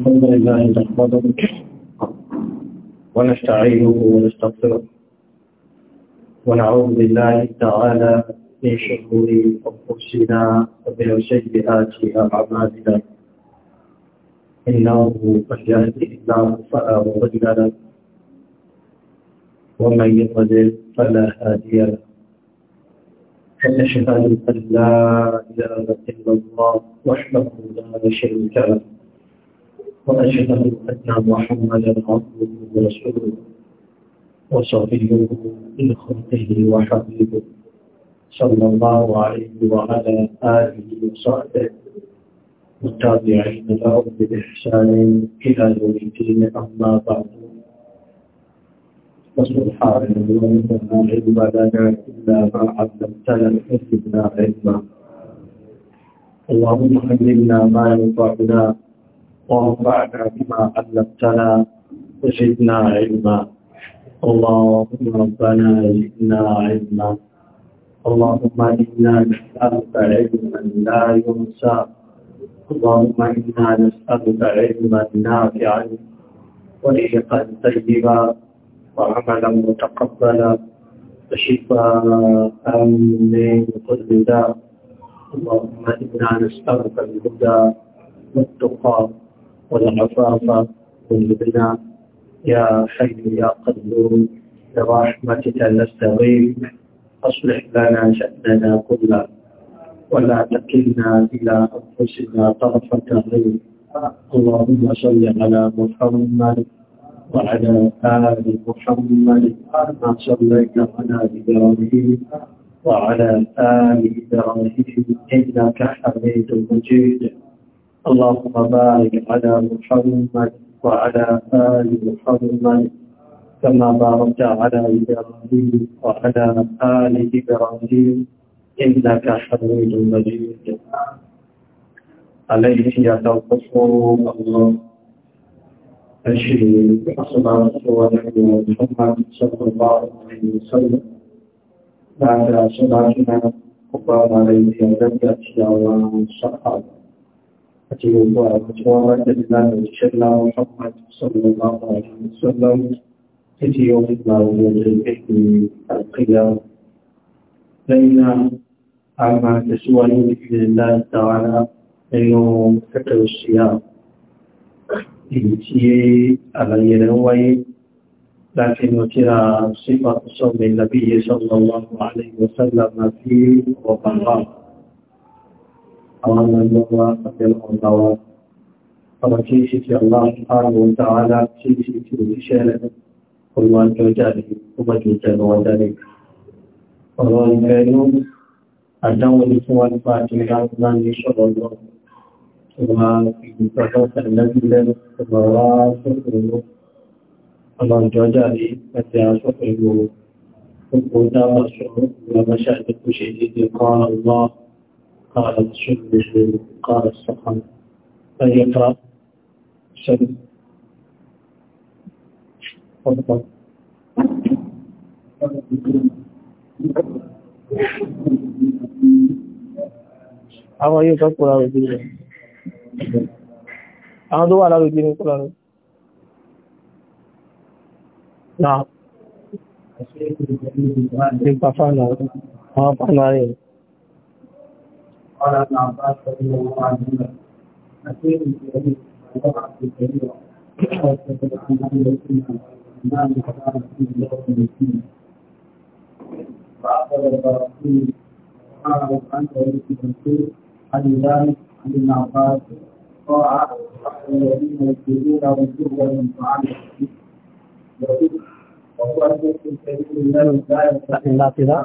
الحمد لله نحمده ونستعينه ونستغفره ونعوذ بالله تعالى من شرور انفسنا ومن سيئات اعمالنا انه قد يهدي الله فلا مضل له ومن يضلل فلا هادي له اشهد ان لا اله الا الله وحده لا شريك له وأشهد أن محمدا عبده ورسوله وصفيه من خلقه وحبيبه صلى الله عليه وعلى آله وصحبه متابعين لهم بإحسان إلى يوم الدين أما بعد فسبحان الله لا علم لنا إلا ما علمتنا إلا علما اللهم علمنا ما ينفعنا وانفعنا بما علمتنا وزدنا علما اللهم ربنا زدنا علما اللهم إنا نسألك علما لا ينسى اللهم إنا نسألك علما نافعا ورزقا طيبا وعملا متقبلا وشفاء من كل داء اللهم إنا نسألك الهدى والتقى والعفاف والغنى يا حي يا قدوم برحمتك نستغيث أصلح لنا شأننا كله ولا تكلنا إلى أنفسنا طرفة عين اللهم صل على محمد وعلى آل محمد ما صليت على إبراهيم وعلى آل إبراهيم إنك حميد مجيد اللهم بارك على محمد وعلى آل محمد كما باركت على إبراهيم وعلى آل إبراهيم إنك حميد مجيد عليه يتوقف الله أشهد أصلاة ونبي محمد صلى الله عليه وسلم بعد صلاتنا قبل عليه يدك يا الله الصحابة أتيه وأتوارك الله وتشلى محمد صلى الله عليه وسلم يوم ما وجود الحكم القيام لأن أما تسواني بإذن الله تعالى أنه فكر الصيام إنتي على ينوي لكن وكرا صفة صوم النبي صلى الله عليه وسلم فيه وقرار àwọn ọmọlọ́wọ́ àtẹ́lọ́wọ́ ọ̀rọ̀ kí ṣe ti Allah subhanahu wa ta'ala tí ṣe ti òṣìṣẹ́ rẹ̀ olùwàjọ jáde ó bá jù jẹ́lọ wọn jáde ọ̀rọ̀ ìfẹ́ inú àdáwọn ní fún wa nípa àjọyá náà ní ṣọ̀rọ̀ lọ ọ̀rọ̀ ìgbìtọ̀tọ̀ tẹ̀lẹ́gbìlẹ̀ ọ̀rọ̀ sọ́kùnrin ọlọ́jọ́ jáde àti asọ́kùnrin gbogbo dáwọn ṣọ̀rọ̀ ìgbàmọ́ṣà ní kò ṣe dédé kọ́ ọlọ́ọ̀ قال شبه قال السخن فيقرا شبه فضل أو أي شخص قل أعوذ بالله أعوذ بالله أعوذ بالله قل أعوذ بالله نعم أشهد أن لا إله إلا الله قال ابن عباس رضي الله عنهما مسير الكريم ويضع في الكبيرة ويتكلم عن أهل السنة والإمام كان في لغة السنة فأخذ البراكين سبحانه عنه ويكتب منصور عن ذلك عن ابن عباس طاعة الذين يكتبون وجوه من طعام وقوة في لا يستحي الله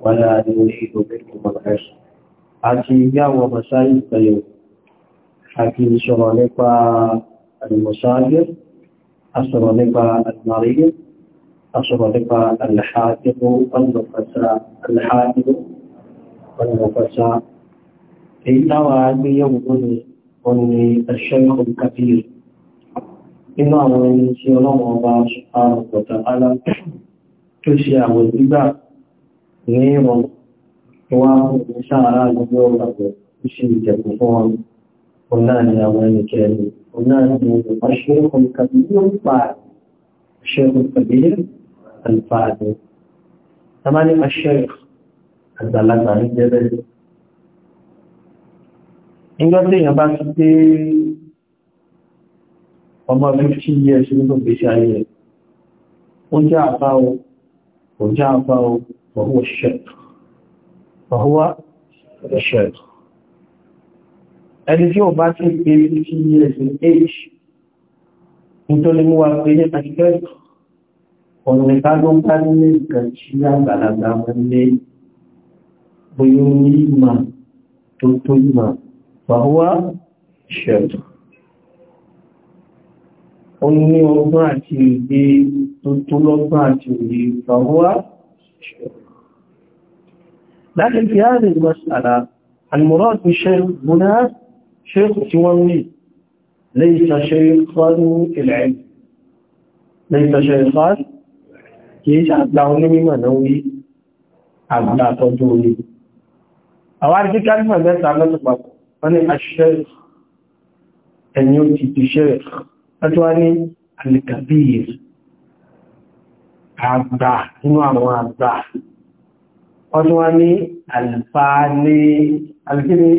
ولا يريد منكم الخير حكيم يا ومسائل طيب حكيم شغالك المساجر أشغالك المريض أشغالك الحاكم والنفسة الحاكم والنفسة إن وعلم يوم قلني الشيخ الكبير إن أمني سيرا مباشر سبحانه وتعالى تسيا والإباد ní ìrọ̀n tó wá fún ṣàárá gbogbo ọ̀pọ̀ ìṣe ìjẹ̀kù fún wọn onáàni àwọn ẹnikẹ́ni onáàni ọ̀ṣẹ́kùn kàbíyàn alfààdì tamani ọ̀ṣẹ́k àgbàlagbà ní jẹ́bẹ̀ ìgbà tí èèyàn bá ti dé ọmọ 50 years nínú gbèsè ayé ó jẹ́ àfáwọ́ kò jẹ́ àfáwọ́ وهو الشرك وهو الشرك ẹni tí ó bá tí pé tí ẹ̀sìn h nítorí mú wa pé ní àṣíkẹ́ ọ̀nà ìkágbọ́n bá nílé ìkà tí àgbàlagbà wọlé bóyá ní ìmà tó tó ìmà wàhúwá ṣẹ̀tù ó ní ọgbọ́n àti ìgbé tó tó lọ́gbọ́n àti òye wàhúwá ṣẹ̀tù لكن في هذه المسألة المراد بالشيخ هنا شيخ سواوي ليس شيخا في العلم ليس شيخا كيش عبد الله نمي منوي عبد الله أو عارف كلمة ذات عبد الله أنا الشيخ أن يؤتي بشيخ أتواني الكبير عبد الله ọdún wa ní alfààlé alìkíní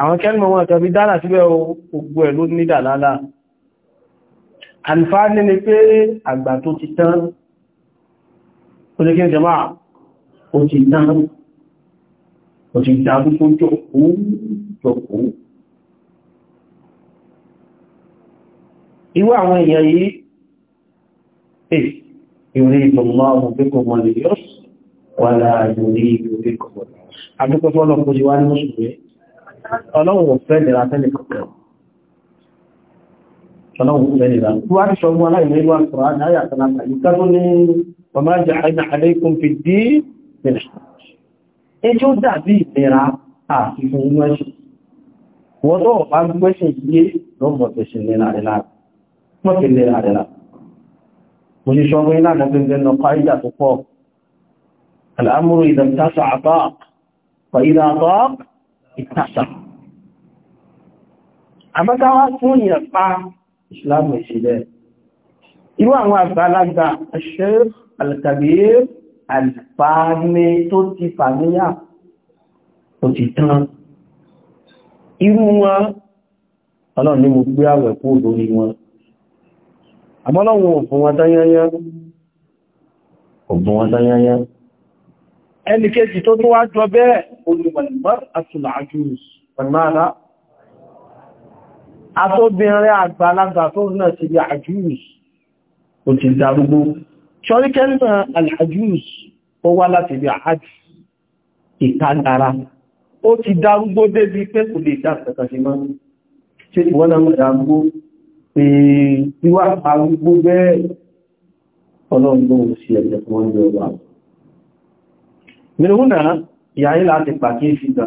àwọn kẹ́lùmọ̀ wọn tọ́bí dára síbẹ̀ ogbò ẹ̀ ló ní dàlálà alfààlé ni pé àgbà tó ti tán ó lè kí ní jẹmọ́ ó ti tán ó ti dábú fún jòkó jòkó irú àwọn èèyàn yìí eh, ìrìn ìtọ̀lọ́ ọmọ pẹ́kọ̀ọ́ mọ̀lẹ̀ yọ́sù wàlá ìròrí ìròrí kọ̀kọ̀. Adúpẹ́fọ́ ọlọ́pọ̀ yíwá ní ṣùgbé, ọlọ́run fẹ́ nìra tẹ́lẹ̀ kọ̀kọ̀. Ọlọ́run fẹ́ nìra. Tó wá ní ṣọ́gbọ́n aláìmọ̀ ìwà sọ̀rọ̀ àdáyà tọ́lápàá, ìtẹ́lú ní ọmọ ajá àìyàn àlẹ́kùn fi dí ìrìnà. Ẹjọ́ dàbí ìlera àti fún inú ẹ̀ṣẹ̀. Wọ́n tó ọ̀pá gbẹ́ṣẹ̀ yé lọ́gbọ̀n tẹ̀ṣẹ̀ lẹ́ra rẹ̀ lára. Mọ́ الأمر إذا اتسع طاق فإذا طاق اتسع àmọ́ káwá fún ìyàn pa ìsìláàmù ìṣẹ̀lẹ̀ irú àwọn àgbàlagbà Sheikh Al-Kabir alfààmì tó ti fàmíyà tó ti tán irú wọn ọlọ́run ní mo gbé àwẹ̀ kó lórí wọn àmọ́lọ́wọ̀n òfin wọn tányányá òfin wọn tányányá ẹni kéjì tó tó wá jọ bẹ́ẹ̀ olùmọ̀lùmọ́r àtùlà àjúrùs pẹ̀lmára atóbìnrin àgbàlagbà tó náà ti di àjúrùs kò ti darúgbó ṣọ́rí kẹ́lìmọ̀ àjúrùs ó wá láti di àjú ìkádàrá ó ti darúgbó débi pé kò lè dá pẹ̀kàṣe mọ́ ṣe mìírànà ìyáyé láti pàkíyèsí gbà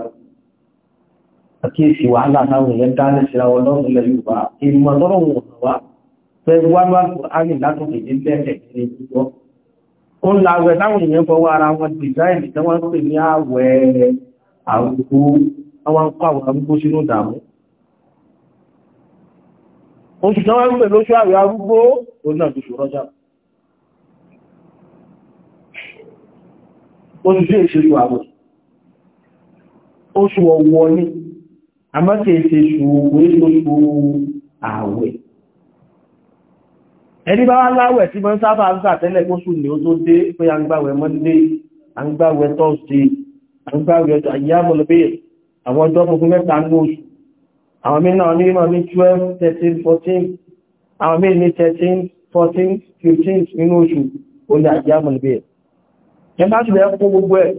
àkíyèsí wàhálà táwọn èèyàn dáálẹ̀ síra wọn lọ́rùnlẹ̀ Yorùbá ìmọ̀ lọ́rọ̀ wọn wá fẹ́ wá wá àrí látòkè ní bẹ́ẹ̀ ní ìgbọ́ ó ń láwẹ̀ táwọn èèyàn fọwọ́ ara wọn dìzáìnì tí wọ́n ń pè ní àwẹ̀ àwùkú àwọn oṣù tí wọ́n ń pè lóṣù àwẹ̀ arúgbó ó náà tó ṣòro jáde oṣù tí èṣèlú àwọ̀ oṣù ọ̀wọ̀ ní àmọ́kẹ́ ìṣèṣù òwe lóṣù àwẹ̀ ẹni bá láwẹ̀ tí mọ́ sáfà ń sàtẹ́lẹ̀ kóṣù ní ó tó dé pé a ń gbàwẹ̀ Monday a ń gbàwẹ̀ Thursday a ń gbàwẹ̀ àyíyámọ̀lẹ́bẹ̀ àwọn ọjọ́ funfun mẹ́ta ní oṣù àwọn mí náà ní mọ́ ní 12 13 14 àwọn mí ní 13 14 15 nínú oṣù ó ní ẹ bá ti bẹ̀ẹ́ kó gbogbo ẹ̀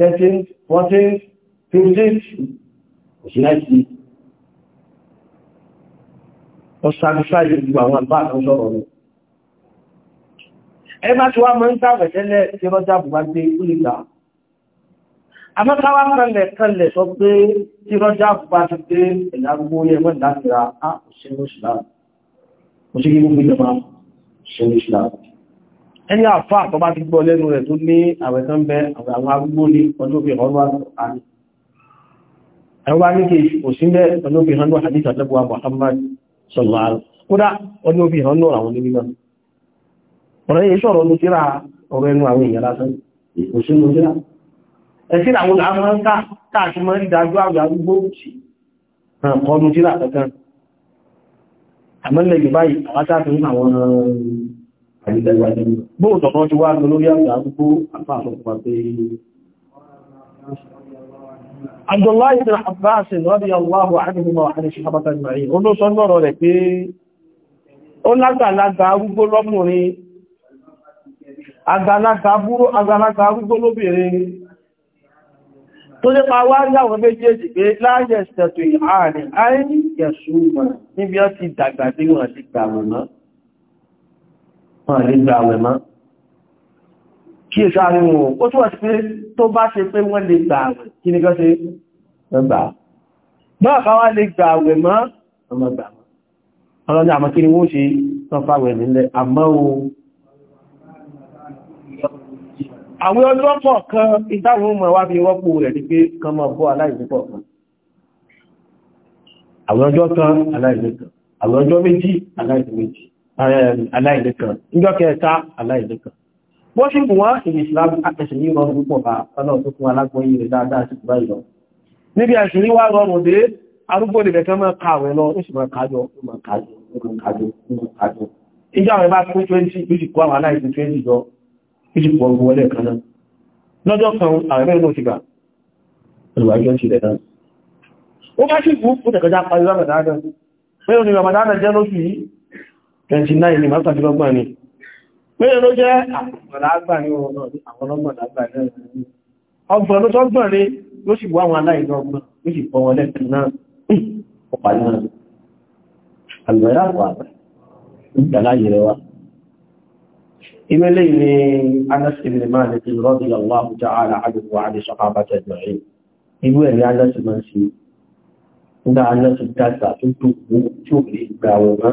12 13 14 15 òṣìláìsí ọ̀sàbíṣáìsì gbogbo àwọn àbá àkọsọ̀rọ̀ rẹ̀ ẹ bá ti wá mọ́ ń tàbẹ̀ tẹ́lẹ̀ tí rọ́jà bùbá gbé ìlúgbà àmọ́káwà kanlẹ̀ kanlẹ̀ sọ pé tí rọ́jà bùbá ti gbé ìlàgbó yẹ mọ́ ìdájìra á òṣèlú ìsìláàmù ẹni àfá àtọ́ bá ti gbọ́ lẹ́nu rẹ̀ tó ní àwẹ̀sán bẹ àwọn arúgbó ní ọdún fi ọdún àti ẹwọ́n bá ní kí òsínbẹ́ ọdún Muhammad sallallahu alaihi wasallam kódà ọdún fi hàn náà àwọn onímọ̀ ọ̀rọ̀ yìí sọ̀rọ̀ ló tíra ọ̀rọ̀ ẹnu àwọn èèyàn lásán òsín ló tíra ẹ̀sìn àwọn àwọn káàkiri mọ́ rí dájú àwọn arúgbó sí ọdún tíra kankan àmọ́lẹ̀ yìí báyìí àwọn Bóòtọ̀ náà ti wá lọ lórí àgbà àgbúgbó àpáàsọ̀ pàtẹ Abdullahi ibn Abbas radiyallahu anhuma wa an sahabata ajma'in. Ó ló sọ lọ́rọ̀ rẹ̀ pé ó lágbàlagbà arúgbó lọ́kùnrin, àgbàlagbà arúgbó lóbìnrin tó lé pa wá láwọn méjèèjì pé láyẹ̀ sẹ̀tò ìhàrin àìrí ẹ̀ṣù wọn níbi ó ti dàgbà wọ́n lè gba àwẹ̀ mọ́ kí èsà àrin wọn ó túnwà sí pé tó bá ṣe pé wọ́n lè gba àwẹ̀ kí ní gọ́ṣe ẹgbà náà káwà lè gba àwẹ̀ mọ́ ọmọ gbà mọ́ ọlọ́ni àmọ́ kí ni wọ́n ṣe tán fàwẹ̀ nílẹ̀ àmọ́ o àwọn ọlọ́pọ̀ kan ìdáwọn ọmọ wá fi rọ́pò rẹ̀ ní pé kan mọ́ bọ́ aláìsípọ̀ kan àwọn ọjọ́ kan aláìsípọ̀ àwọn ọjọ́ méjì aláìsípọ̀ aláìlẹ́kan níjọ́ kẹta aláìlẹ́kan bó ṣe bù wọ́n ìrìn ìṣìláàbù àtẹ̀ṣẹ̀ ní ọrùn púpọ̀ bá ọlọ́run tó fún alágbóyìn rẹ̀ dáadáa sí ìgbà ìlọ níbi àṣì ní wá rọrùn dé arúgbó lè bẹ̀kẹ́ mọ́ kààwẹ̀ lọ ó sì mọ́ kájọ mọ́ kájọ mọ́ kájọ mọ́ kájọ ìjọ àwọn ẹbá tó 20 bí sì kó àwọn aláìsí 20 jọ bí sì pọ̀ ọgbọ̀ wọlé kan náà lọ́jọ́ kan àwọn ẹgbẹ́ ìlú ti gbà olùwàjọ́ ti rẹ̀ náà ó bá sì kú ó tẹ̀kọjá parí ramadan náà pé òní ramadan náà jẹ́ lóṣù yìí 29 ni mọ́ta lọ́gbọ̀n ni mẹ́rin ló jẹ́ ọgbọ̀n ló tọ́gbọ̀n rí ló sì bọ́ àwọn aláìlọ́gbọ̀n ló sì bọ́ wọn lẹ́kùn náà ọ̀pàá náà àgbẹ̀rẹ̀ àpàá ìgbàláyé rẹ̀ wá ìmẹ́lẹ̀ ni Anas ibn Malik radiyallahu ta'ala anhu wa an sahabati ajma'in ìlú ẹ̀ ni Anas máa ń ṣe nígbà Anas dáta tó tó kú tí ò lè gbà náà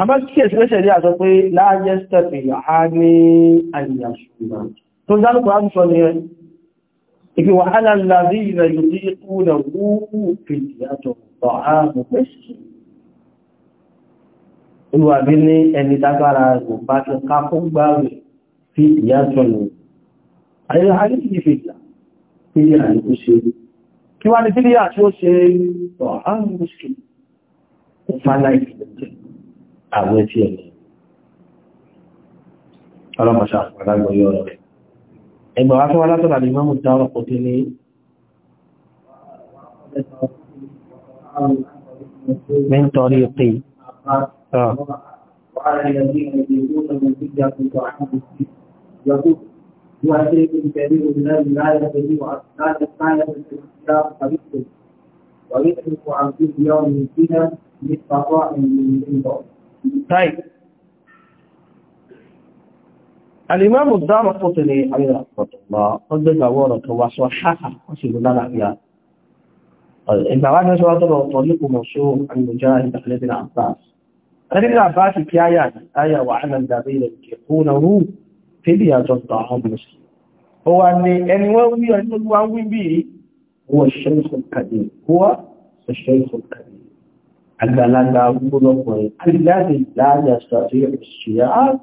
àmọ́ kí ẹ̀sẹ̀lẹ́sẹ̀ rí àṣọ pé láàáyẹ́ stẹ̀pì ha ní àyàṣùgbà tó dárúkọ áṣọ ni ẹ ìgbì wàhálà láàrí ilẹ̀ ìdí ikú rẹ̀ wúwú fìdí àtọ̀ olùwàbí ní ẹni tágbára rẹ̀ bá ti kápọ̀ gbáwẹ̀ fi ìyá tọ́lù àyíká àríkì fìdá fìdí àríkú ṣe kí wá ní fìdí àti ó ṣe tọ̀ àwẹ́ tí ẹ̀ ní ọlọ́mọṣà àgbàgbọ́ yọ rẹ̀ ẹgbà wá tó wá látọ̀rà ní mọ́mù dá ọ̀pọ̀ tí ní mẹ́ntọ́rí pé ويترك عن كل يوم فيها مستطاع من عنده طيب الإمام الدار القطني عليه رحمة الله قد دورك وصححه وفي لنا إلى طيب، إذا وانا سؤال الله طريق مرسوم عن مجاهد عن بن عباس عن بن عباس في آيات آية وعلى الذين يكونه في بيات الطعام المسلم هو أن أن ووي أن ووي به هو الشيخ الكريم هو الشيخ الكريم àgbàlagbà gbọ́lọ́pọ̀rin àrídáàdì láàrín àṣàrí òṣìṣẹ́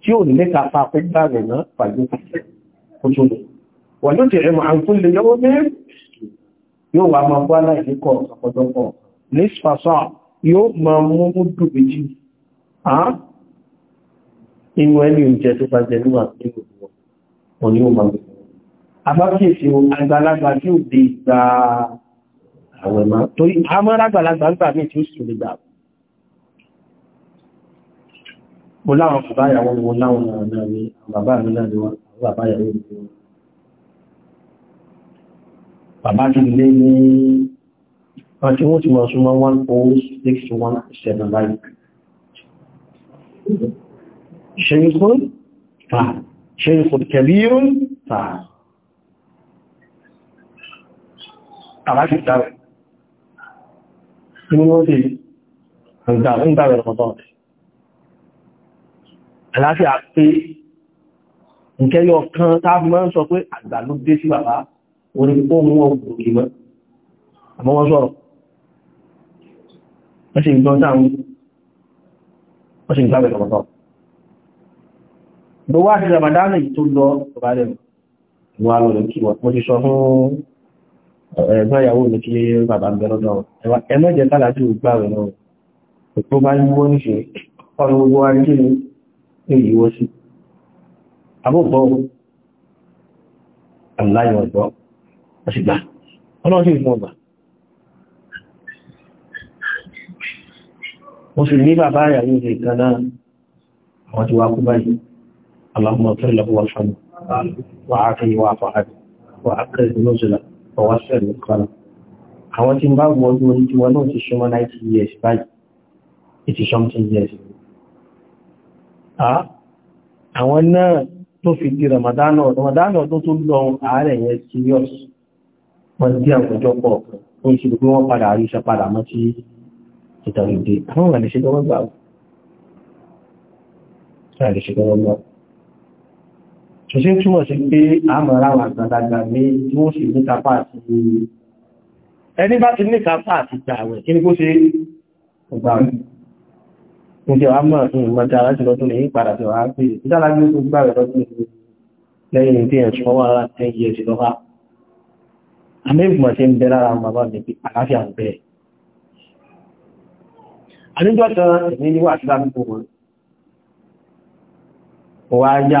tí ò ní mẹ́ta pa pẹ́gbà rẹ̀ náà pàdé òṣòlò wà ló tẹ̀rẹ mọ̀ àǹkún lè yọ́wọ́ mẹ́rin yóò wà máa bọ́ aláìríkọ̀ ọ̀pọ̀lọpọ̀ nísfàṣà yóò máa mú múdù méjì inú ẹni oúnjẹ tó bá jẹ níwà nínú wọn ni ó máa bẹ̀rẹ̀ àwẹ̀ máa tó amárágbàlagbà ń gbà ní tí ó sì lè gbà mo láwọn kò báyàwó mo láwọn náà ní bàbá mi náà ni wọ́n bàbá yàwó mi wọ́n bàbá ti lé ní wọ́n wọ́n ti mọ̀ súnmọ́ 10617 láì ṣeríkún fàá criminality and that in that result. Àláfíà pé nkẹ́yọ kan táàbí máa ń sọ pé àgbà ló dé sí bàbá orí pípọ́ mú ọgbùn ògì mọ́. Àmọ́ wọ́n sọ̀rọ̀. Wọ́n sì gbọ́n táàmù. Wọ́n sì gbábẹ̀ lọ́pọ̀tọ̀. Gbogbo wá sí Ramadana yìí tó lọ bàbá ẹ̀gbọ́n eh, ìyàwó mi kí bàbá bẹ̀rẹ̀ lọ ẹmọ́jẹ tààdù gbà rẹ̀ lọ tó bá yíwọ́ níṣe ọ̀rọ̀ gbogbo wa kí ni ìyíwọ́ sí àbúgbọ́ aláyọ̀ ọ̀gbọ́ ọ̀sìgbà ọlọ́run sí ìfún ọgbà mo sì ní bàbá ìyàwó ìṣe kan náà àwọn ti wá kú báyìí aláhùnmọ̀ tó ìlọ́pọ̀ ọwọ́ sẹ́lẹ̀ kan àwọn tí ń bá wọ́n ọdún orí tí wọ́n náà ti súnmọ́ 90 years báyìí 80 something years àwọn náà tó fi di Ramadan Ramadan ọdún tó lọ ààrẹ yẹn serious wọ́n dí àwùjọ pọ̀ ó ń ṣe gbogbo wọn padà àríṣẹ́ padà mọ́ tí ìtàrí dé àwọn ìrìnlẹ̀ṣẹ́ tó wọ́n gbà ṣe túnmọ̀ sí pé àmọ̀ra wà gbàdàgbà ní tí wọ́n sì ní kápá àti ẹni bá ti ní kápá àti jàwẹ̀ kí ni kó ṣe ọgbà ní tí wọ́n mọ̀ ní ìmọ̀já láti lọ́dún ní ìpàdà tí wọ́n pè ìdára ní oṣù gbà rẹ̀ lọ́dún lẹ́yìn tí ẹ̀sùn wọn wà láti ẹ̀yẹ sí lọ́wọ́ yá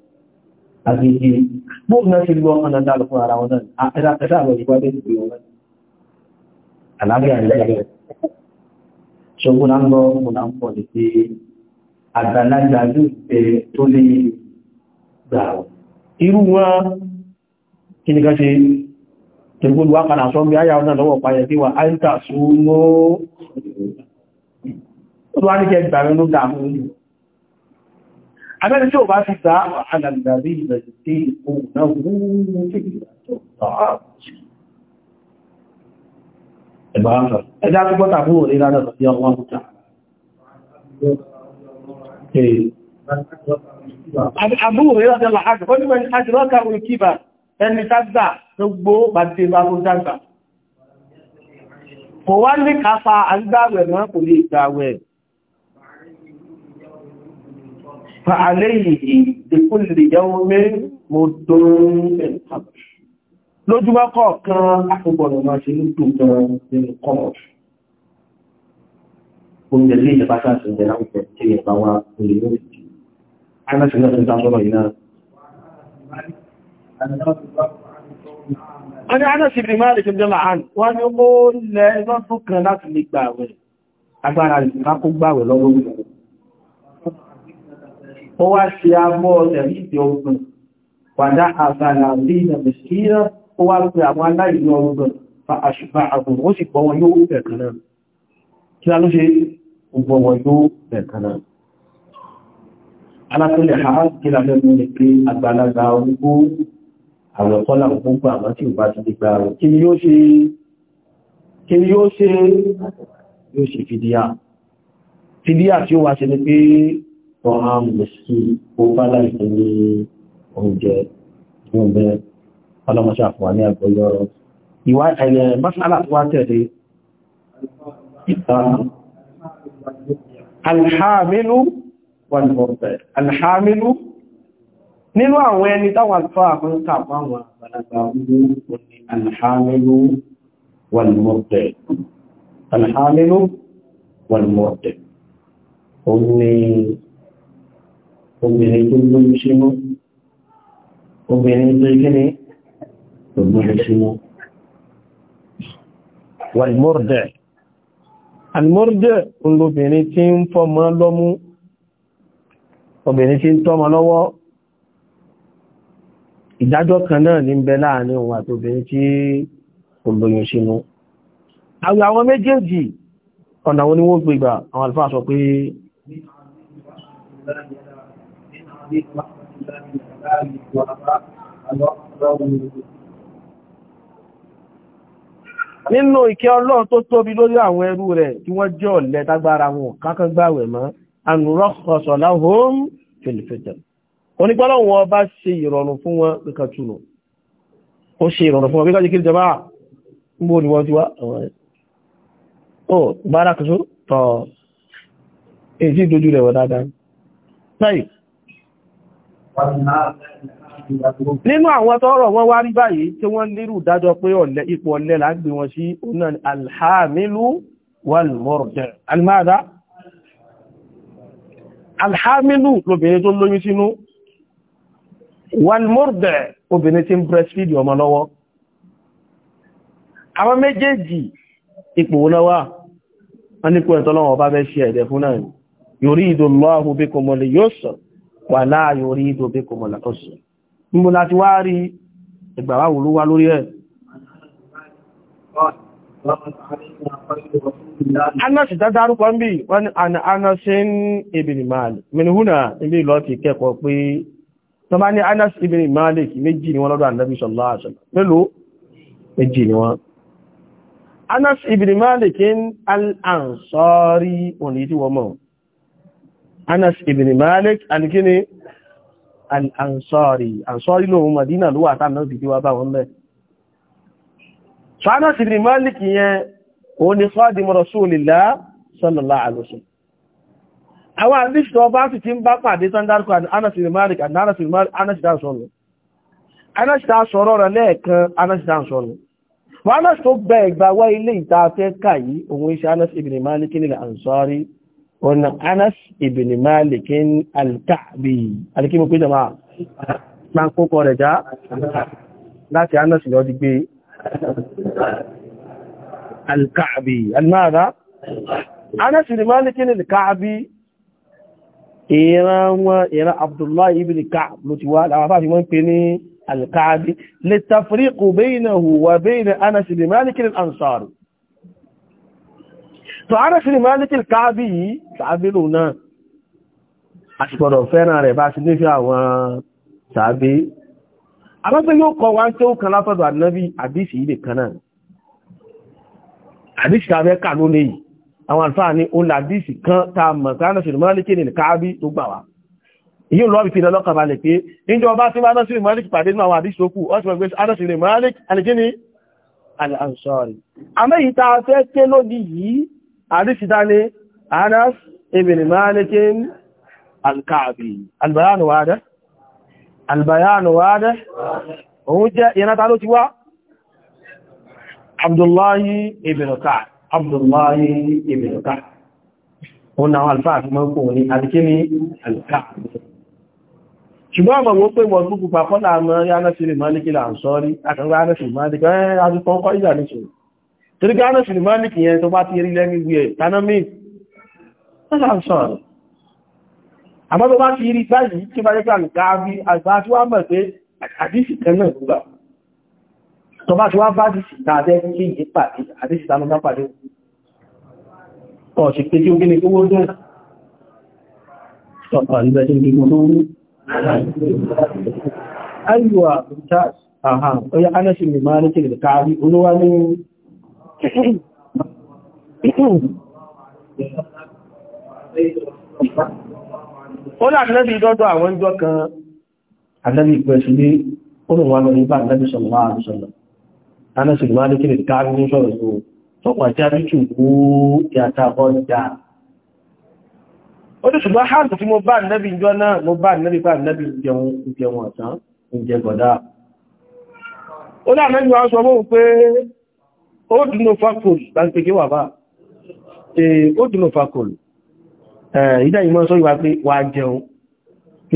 àgbègbè gbóògùn náà ti lọ ọmọ náà dálùkún ara wọn náà ẹ̀dàkẹ́dà àwọn ìgbàdé ìgbè wọn àlàáfíà lẹ́gbẹ̀ẹ́ ṣogbó náà lọ mú náà pọ̀ lè pé àgbàlagbà ló fẹ́ tó lè gbà wọn irú wọn kí ni ká ṣe tẹ̀gbọ́n wá padà sọ bí áyà ọ̀nà lọ́wọ́ payẹ bí wà áìkà súnmọ́ ó wá ní kẹ́ gbà mẹ́nu yìí Abẹ́ni tí ó bá fi gbà alàgbàrí ìrẹ̀lẹ̀ ìpò náà wúrú tí ìrìnàjò tààrà jù. Ẹgbà áfà, ẹjá tó gbọ́ta fún òní rádà tàbí ọwọ́ àpútà. Àbúrò rẹ̀ rádà láàájọ́, ó ní ẹni tágbà tó gbó bá dágbà. Kò wá ní káfà àgbàwẹ̀ mọ́ kò lè gbàwẹ̀. فعليه بكل يوم مد من قبر lójúmọ́ kọ̀ọ̀kan àkùgbọ̀nà máa ṣe ní tòótọ́ nínú kọ́ọ̀ṣ oúnjẹ lè jẹ pátá sí ìjẹ láwùjẹ tí ìyẹ̀ bá wá olè lè fi jẹ́mà án wọ́n ni ó lẹ́ ẹgbọ́n tó kan láti lè gbààwẹ̀ agbára ìgbàkó gbààwẹ̀ lọ́wọ́ ó wá ṣe abọ́ ẹ̀rí ìdí ọgbọ̀n wàdá àbàlà rí ìnà mẹ́sìkíyà ó wá pẹ àwọn aláìní ọgbọ̀n fa àṣùgbà àgbọ̀n ó sì gbọ́wọ́ yóò bẹ̀ẹ̀kan náà kí a ló ṣe gbọ́wọ́ yóò bẹ̀ẹ̀kan náà alátọ́lẹ̀ àákìlá lẹ́nu ní pé àgbàlagbà ogbó àwọn ọ̀kọ́lá gbogbo àwọn tí fìdíà tí ó wá ṣe ni pé wọ́n á mú sí ó bá láìsí ní oúnjẹ oúnjẹ ọlọ́mọṣẹ́ àfọwà ní àgbọ́yọ́ ìwà ẹ̀yẹ mọ́sálà tó wá tẹ̀lé alhamilu wal-murdi alhamilu nínú àwọn ẹni táwọn alfa àwọn kàpá àwọn àgbàlagbà ogun ni alhamilu wal-murdi alhamilu wal obìnrin tó gbóyún símú obìnrin tó kí ni tó gbóyún símú wàlmọ́rọ̀dẹ̀ almọ́rọ̀dẹ̀ olóbìnrin tí ń fọmọ lọ́mú obìnrin tí ń tọ́mọ lọ́wọ́ ìdájọ́ kan náà ní bẹ láàrin òun àti obìnrin tí olóyún sínú àwọn àwọn méjèèjì ọ̀nà wọn ni wọ́n gbégbà àwọn àlùfáà sọ pé عليكم ورحمة الله وبركاته nínú ìkẹ́ ọlọ́run tó tóbi lórí àwọn ẹrú rẹ̀ tí wọ́n jẹ́ ọ̀lẹ tágbára wọn kankan gbàwẹ̀ mọ́ ànúrọ́kọ̀ọ́sọ̀ láhóm fìlìfìtẹ̀ onígbọ́lọ́wọ́ ọba ṣe ìrọ̀rùn fún wọn pẹ̀kà túnú ó ṣe ìrọ̀rùn fún wọn pẹ̀kà jíkiri jẹba mbó ni wọ́n ti wá ó bára kìsó tọ̀ èyí dojú rẹ̀ wọ̀ dáadáa nínú àwọn tọ́rọ̀ wọ́n wá rí báyìí tí wọ́n lérò dájọ́ pé ipò ọ̀lẹ là ń gbé wọn sí ọ̀nà alhamilu walmurdi almada alhamilu lóbìnrin tó lóyún sínú walmurdi obìnrin tí ń breastfeed ọmọ lọ́wọ́ àwọn méjèèjì ipò náwà wọ́n wà láàyò orí ìdòbí kò mọ̀lá tó sí. Mú láti wá rí ìgbàwà wùlú wá lórí ẹ̀. Anọ́sì tá dárúkọ ń bí wọ́n ni Anọ́sì ń ibìrì máàlì. Mìnìhúnà ibi lọ ti kẹ́kọ̀ọ́ pé tó bá ní Anọ́sì ibìrì máàlì kì méjì ni wọ́n lọ́dọ̀ Ànábì sallallahu alaihi wasallam. Mélòó méjì ni wọ́n. Anọ́sì ibìrì máàlì kí ń al-Ansari òní tí wọ́n mọ̀. Anas ibn Malik alikini al-Ansari Ansari ló hun Madina ló wà tánà fìdí wá bá wọn bẹ́ so Anas ibn Malik yẹn o ni khadim Rasulillah sallallahu alaihi wasallam àwọn àdíṣì tó bá sì ti ń bá pàdé sándárkọ̀ Anas ibn Malik àti Anas ibn Malik Anas dá sọ́lọ̀ Anas dá rẹ̀ lẹ́ẹ̀kan Anas dá wọ́n Anas tó bẹ ìgbàwọ́ ilé ìta afẹ́ káyí òun iṣẹ́ Anas ibn Malik nílẹ̀ Ansari ọ̀nà Anas ibn Malik al-Ka'bi alikimi pé jama máa ń kókọ rẹ̀ já láti Anas lọ di pé al-Ka'bi al-Mada Anas ibn Malik al-Ka'bi ìran wọn ìran Abdullahi ibn Ka'b ló ti wá láwọn afáfí wọ́n pè ní al-Ka'bi li tafriqu baynahu wa bayna Anas ibn Malik al-Ansari tó Anas bin Malik al-Ka'bi yìí tàbí lò náà a ti gbọ́dọ̀ fẹ́ràn rẹ̀ bá ti nífẹ́ àwọn tàbí alágbé yóò kọ wá tí ó kan látọ̀dọ̀ ànábì àdísì ilẹ̀ kan náà àdísì tàbí kà ló lè yìí àwọn àlfáà ní òun làdísì kan ta mọ̀ tí Anas bin Malik al-Ka'bi tó gbà wá èyí lọ́wọ́ ìpínlẹ̀ ọlọ́kà àdísítà ní anas ibn malikin alkaabi albayanu wádẹ́ albayanu wádẹ́ òun jẹ́ ìrántà ló ti wá abdullahi ibn ka'ab abdullahi ibn ka'ab òun àwọn alfáà fi mọ́ kò ní alkini alkaabi ṣùgbọ́n àmọ̀ wọ́n pé wọ́n gbogbo pàpọ́lá àmọ́ yánásílì mọ́líkì là ń sọ́rí àkàngbà yánásílì mọ́líkì ẹ́ torí gánà sinimánìkì yẹn tó bá ti rí lẹ́mí wí ẹ̀ tánàmì àmọ́ tó bá ti rí báyìí tí bá jẹ́kà nìkáàbí àgbà tí wá mọ̀ pé àdísì kan náà gbogbo tó bá ti wá bá dìsì tààdẹ́ kí yí pàdé àdísì tánàmì pàdé ọ̀sì pé tí ó gíní owó dùn ọ̀pọ̀ ìgbẹ̀ tí ó gíní owó dùn ayùwà ìjáàs àhàn ó yá ánẹ́sì olówá ní ó láàrínlẹ́bí ìdọ́dọ̀ àwọn ìjọ kan àdẹ́bí ìpẹ̀sù ní olùwà lọ nípa àdẹ́bí sọ̀rọ̀ àrùsọ̀lọ̀ anẹ́sìnkú máa ní káàrí ní sọ̀rọ̀ ìṣòro tọ́pàá tí a rí jù kú ìyàtà ọjà ó ní ṣùgbọ́n tí mo bá nẹ́bí ìjọ náà mo bá nẹ́bí pa nẹ́bí ìjẹun ọ̀tán ìjẹgọ̀dá ó láàrínlẹ́bí wọn sọ mọ́ pé odunofakol bá ń pè kí wà bá odunofakol ìdá ìmọ̀ sọ ìwà pé wà jẹun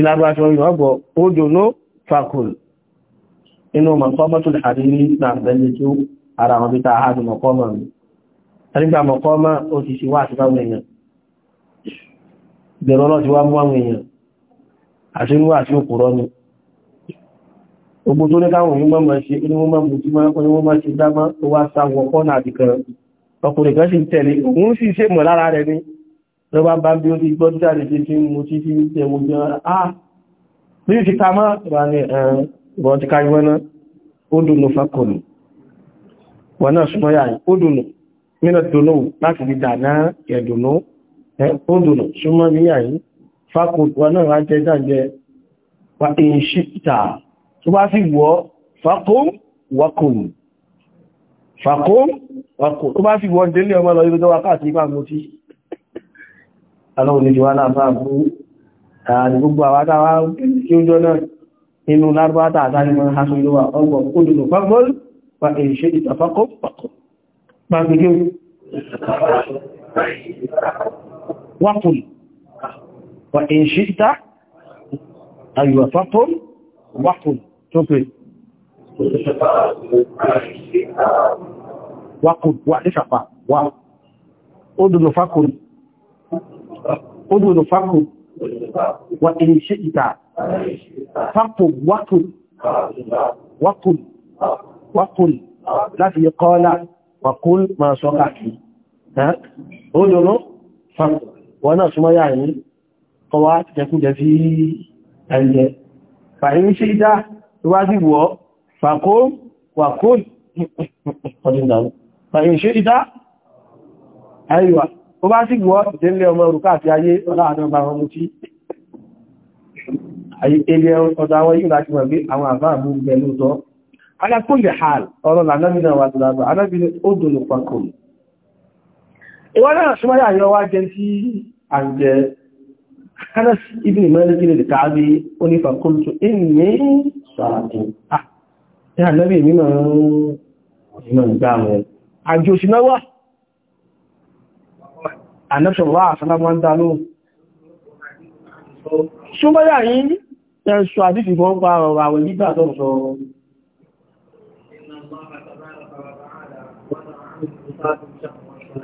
ìlàgbà sọ ìwà gbọ́ odunofakol inú mọ̀kọ́mọ́tò àrírí na àbẹ̀lẹ̀ tí ó ara wọn bí ta àádù mọ̀kọ́mọ́ rẹ̀ nígbà mọ̀kọ́mọ́ ó ti ṣe wá àti báwọn èèyàn ìbẹ̀rọ lọ́ ti wá mú àwọn èèyàn àti inú àti òkúrọ́ ni gbogbo tó ní káwọn òun mọ́mọ́ ṣe inú wọ́n mọ́mọ́ tí wọ́n wọ́n mọ́ ṣe dámọ́ tó wá sáwọ̀ kọ́nà àti kan ọkùnrin kan sì ń tẹ̀lé òun sì ṣe mọ̀ lára rẹ̀ ní lọ bá bá bí ó ti gbọ́ dídá lè fi mú tí fi tẹ̀wọ̀ jẹ́ ah bí ti ká mọ́ ìwà ni ìwọ̀n ti ká ìwọ́n náà ó dùnú fákọlù wọ́n náà súnmọ́ yà ó dùnú mínà dùnú láti fi dàná ẹ̀dùnú ó dùnú súnmọ́ níyà yìí fákọlù wọ́n náà wá jẹ́ dájẹ́ wá èyí ṣíta tó bá sì wọ́ fàkún wákùn fàkún wákùn tó bá sì wọ́ délé ọmọ lọ ibi tó wá káàkiri máa mú tí aláwọ̀ ní jùwá náà máa mú ààrẹ gbogbo àwátáwá kí ó jọ náà inú lárúbátà àtàrí mọ́ hasun lówà ọgbọ̀n kó dùn fàkún fa èṣe ìtàfàkún fàkún wákùn wa in ṣíta ayùwàfàkùn wákùn sókè wà ní ṣàpá wà ódùnù fákùn ódùnù fákùn wà ní ṣe ìta fákùn wákùn wákùn wákùn láti yẹ kọ́ọ́lá wàkùn máa sọ káàkiri ódùnù fákùn wọ́n náà súnmọ́ yáà ní kọwàá jẹkújẹ sí ẹ̀yẹ fàyín ṣe tó bá sì wọ́ fàkó wàkó ọdínlọ́rùn fàyẹ̀ṣẹ́ ìdá àríwá tó bá sì wọ́ ìdẹ́lẹ̀ ọmọ òrùká àti ayé ọlá ala kulli hal ọ̀rọ̀ lànàmìnà wà tìlàbà alábìnrin ó dùnù pàkùn ìwọ́n náà ṣúmọ́ yà yọ wá jẹ tí a ń jẹ kánàsí ibi ìmọ̀lẹ́gbẹ̀rẹ̀ káàbí onífàkùn tó inú sọ́ọ̀tún. Ní àlẹ́bì mímọ̀ ìmọ̀ ìgbà rẹ̀. Àjò òṣìnáwà, ànẹ́ṣọ̀wà àṣánàmọ́ ń dánú. Ṣúgbọ́yà yìí, ẹ̀ṣọ́ àdífì fọ́n pa ọ̀rọ̀ àwọn nígbà tó sọ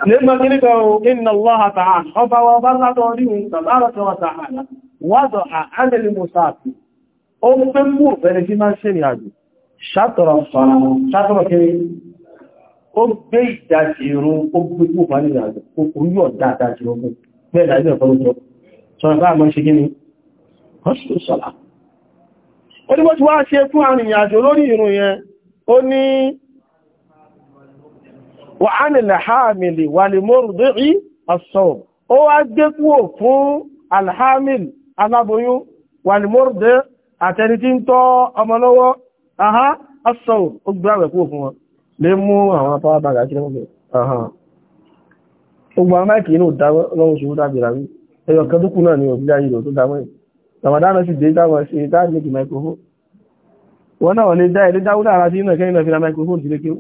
Nígbà tí nígbà ohun, inna Allah ta'ala, ọba wa bá látọ̀ orí ta'ala, wádọ̀ àánìlì ó ń pé mú ẹni tí máa ń ṣèrìn àjò ṣàtọ̀rọ̀ ṣàtọ̀rọ̀ kiri ó gbé ìdájì irun ó gbé mú bá nìyà àjò kò yọ̀ dáadáa jù ọkọ̀ mẹ́ta ilé ọ̀pọ̀ lójọ sọ̀rọ̀ bá àmọ́ ṣe kí ni hospital sọ̀lá ó ní bó ti wá ṣe fún arìnrìn àjò lórí irun yẹn ó ní wà á nílẹ̀ háàmìlì wà lè wá gbé kúrò fún alhámìlì aláboyún wà lè mórùdí àtẹni tí ń tọ́ ọmọ lọ́wọ́ ahá ọ̀sọ̀ ó gbáwẹ̀ kúrò fún wọn lè mú àwọn power bag àti lẹ́mọ̀gbẹ̀ ahán ogun àwọn máìkì inú lọ́wọ́ ṣòro tàbí ràrí ẹyọ kan tó kù náà ni òbílá yìí lò tó dámọ́ ẹ̀ ramadana sì dé dáwọn ṣe dáàbìlì microphone wọn náà lè dá ilé dáwúdà ara sí náà kẹ́yìn náà fi ra microphone sílé kí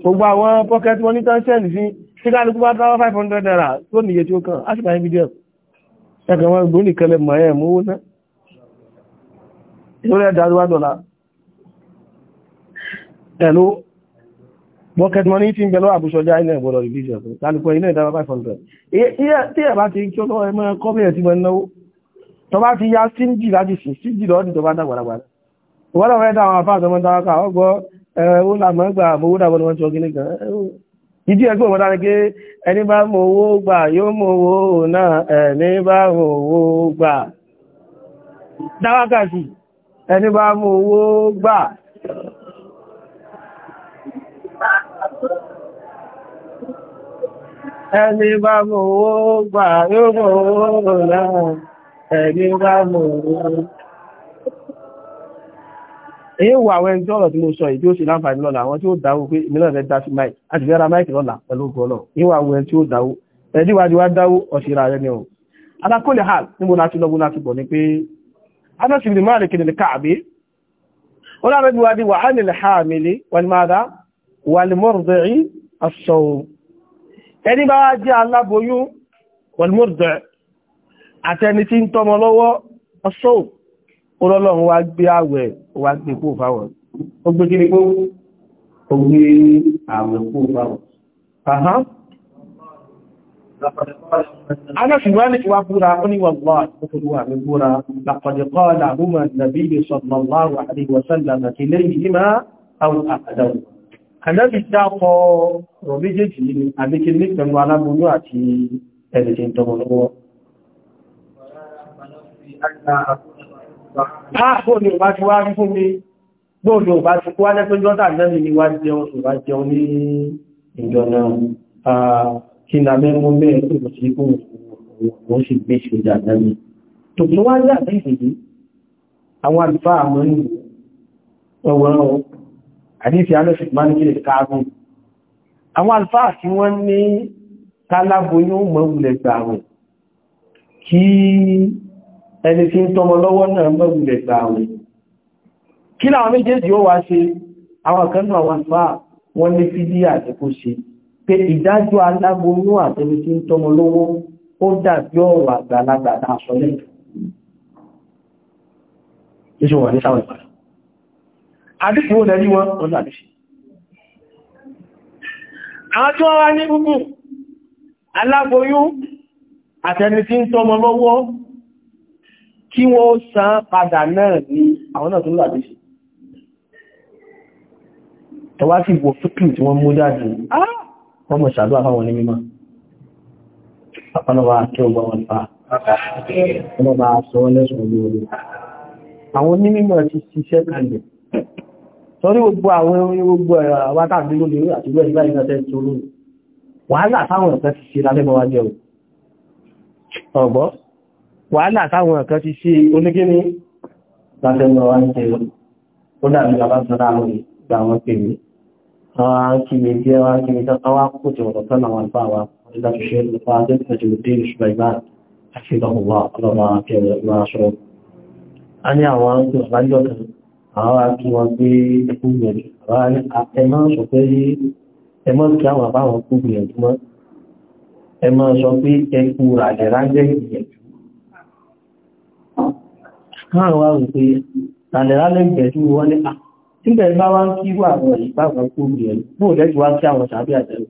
gbogbo àwọn pocket money tension sí síkàlùkù bá dáwọ́ 500 naira tó nìyẹ tí ó kàn á sì bá ń fídíò ẹ̀kàn wọn gbóníkẹlẹ̀ mọ̀ ẹ̀ mówó náà lórí ẹ̀dàdúwádọ́lá ẹ̀lú bucket money ti ń bẹ̀lọ́ àbúṣọjá ilẹ̀ ìgbọ̀lọ̀ revision tàbíkọ ilẹ̀ ìdára 500 tí ẹ̀bá ti kí ọlọ́ ẹmọ kọ́bílẹ̀ tí wọ́n náwó tó bá ti yá síjì láti sí síjì lọ́dún tó bá dàgbàlagbàlá wọ́n lọ́wọ́ ẹ̀dà àwọn afáàtọ́ mọ́ dáwọ́ká ọgbọ́ ó làmọ́ gbà mọ́wó dàgbọ́n wọn sọ gíní kan ìdí ẹgbẹ́ ọmọdá ni pé ẹni bá mọ owó gbà yóò mọ owó náà ẹni bá mọ owó gbà dáwọ́ká sí ẹni bá mú owó gbà ẹni bá mú owó gbà yóò mú owó náà ẹni bá mú owó èyí wà àwọn ẹni ọ̀rọ̀ tí mo sọ ìdí ó sì láǹfààní lọ́la àwọn tí ó dáwó pé mílọ̀ rẹ̀ dá sí mike àti fẹ́ra mike lọ́la pẹ̀lú gọ́ọ̀lọ̀ àwọn tí ó dáwó dáwó ọ̀sìn ara Anas ibn Malik al-Ka'bi ó lára bí wádìí wà ánìlẹ̀ hàmìlì wàlmádá wàlmọ́rùdẹ̀ẹ́ as-sawm ẹni bá wá jẹ́ aláboyún wàlmọ́rùdẹ̀ àtẹni tí ń tọmọ lọ́wọ́ as-sawm ọlọ́run wá gbé àwẹ̀ wá gbé kó fáwọn ó gbé kí ni kó ó gbé àwẹ̀ kó fáwọn أنا كمان وابورا أني والله أقولوا بورا لقد قال هما النبي صلى الله عليه وسلم كليهما أو أحدهما النبي ساقو ربيجي أبي كلمة من ولا بنواتي ẹ̀lẹ́jẹ́ ìtọ́mọ̀lọ́wọ́. Ààbò ni ò bá ti wá rí fún mi, gbóòlò ò bá ti kó wá lẹ́pẹ́ jọ́ta náà ni wá jẹun, ò bá jẹun ní ìjọ náà kí na mẹ́mú mẹ́rin tó bọ̀ sí fún wọ́n sì gbé ṣe ìjàdá ní tòkí wá ní àdífìdí àwọn àdífà àmọ́ ní ọwọ́rán àdífì alẹ́fì máa ní kí lè káàrùn àwọn àlfà tí wọ́n ní káláboyún mọ́wulẹ̀ gbààwẹ̀ kí ẹni tí ń tọmọ lọ́wọ́ náà wọ́n ní fídíà àti pé ìdájọ́ aláboyún àtẹni tí ń tọmọ lówó ó dàbí ọ̀rọ̀ àgbàlagbà náà sọ lẹ́tọ̀ ìṣò wà ní sáwọn ìpàdà àdíkù ó lẹ́rí wọn ó dàbí sí àwọn tí wọ́n wá ní gbogbo aláboyún àtẹni tí ń tọmọ lówó kí wọ́n san padà náà ní àwọn náà tó làbí sí tọwá sí ìwò fíkì tí wọ́n mú jáde ah wọ́n mọ̀ ṣàdúrà fáwọn ní mímọ́ àpánàwà kí ó gbọ́ wọn fa wọ́n bá sọ lẹ́sùn olóorí àwọn ní mímọ́ ti ṣiṣẹ́ kalẹ̀ torí gbogbo àwọn gbogbo ẹ̀rọ wátàdínlógún àti gbẹ́ كمي جيوا كمي تقوى قوتي وتطلع والفاوة إلا تشير الفاضل نجم الدين الشبيبان حفظه الله الله في المعشر أني أعوان تغلق أعوان كي وانبي يكون رأي أما شفيه أما كي أعوان بعوان كوبي يجمع أما شفيه يكون رأي رأي يجمع káàwà wípé tàlẹ̀rálẹ̀ ìgbẹ̀jú wọ́n ní àpá nígbà ìbá wá ń kí wà àwọn ìbá àwọn kó rí ẹ̀lú bóò lẹ́jù wá kí àwọn tàbí àtẹ́lú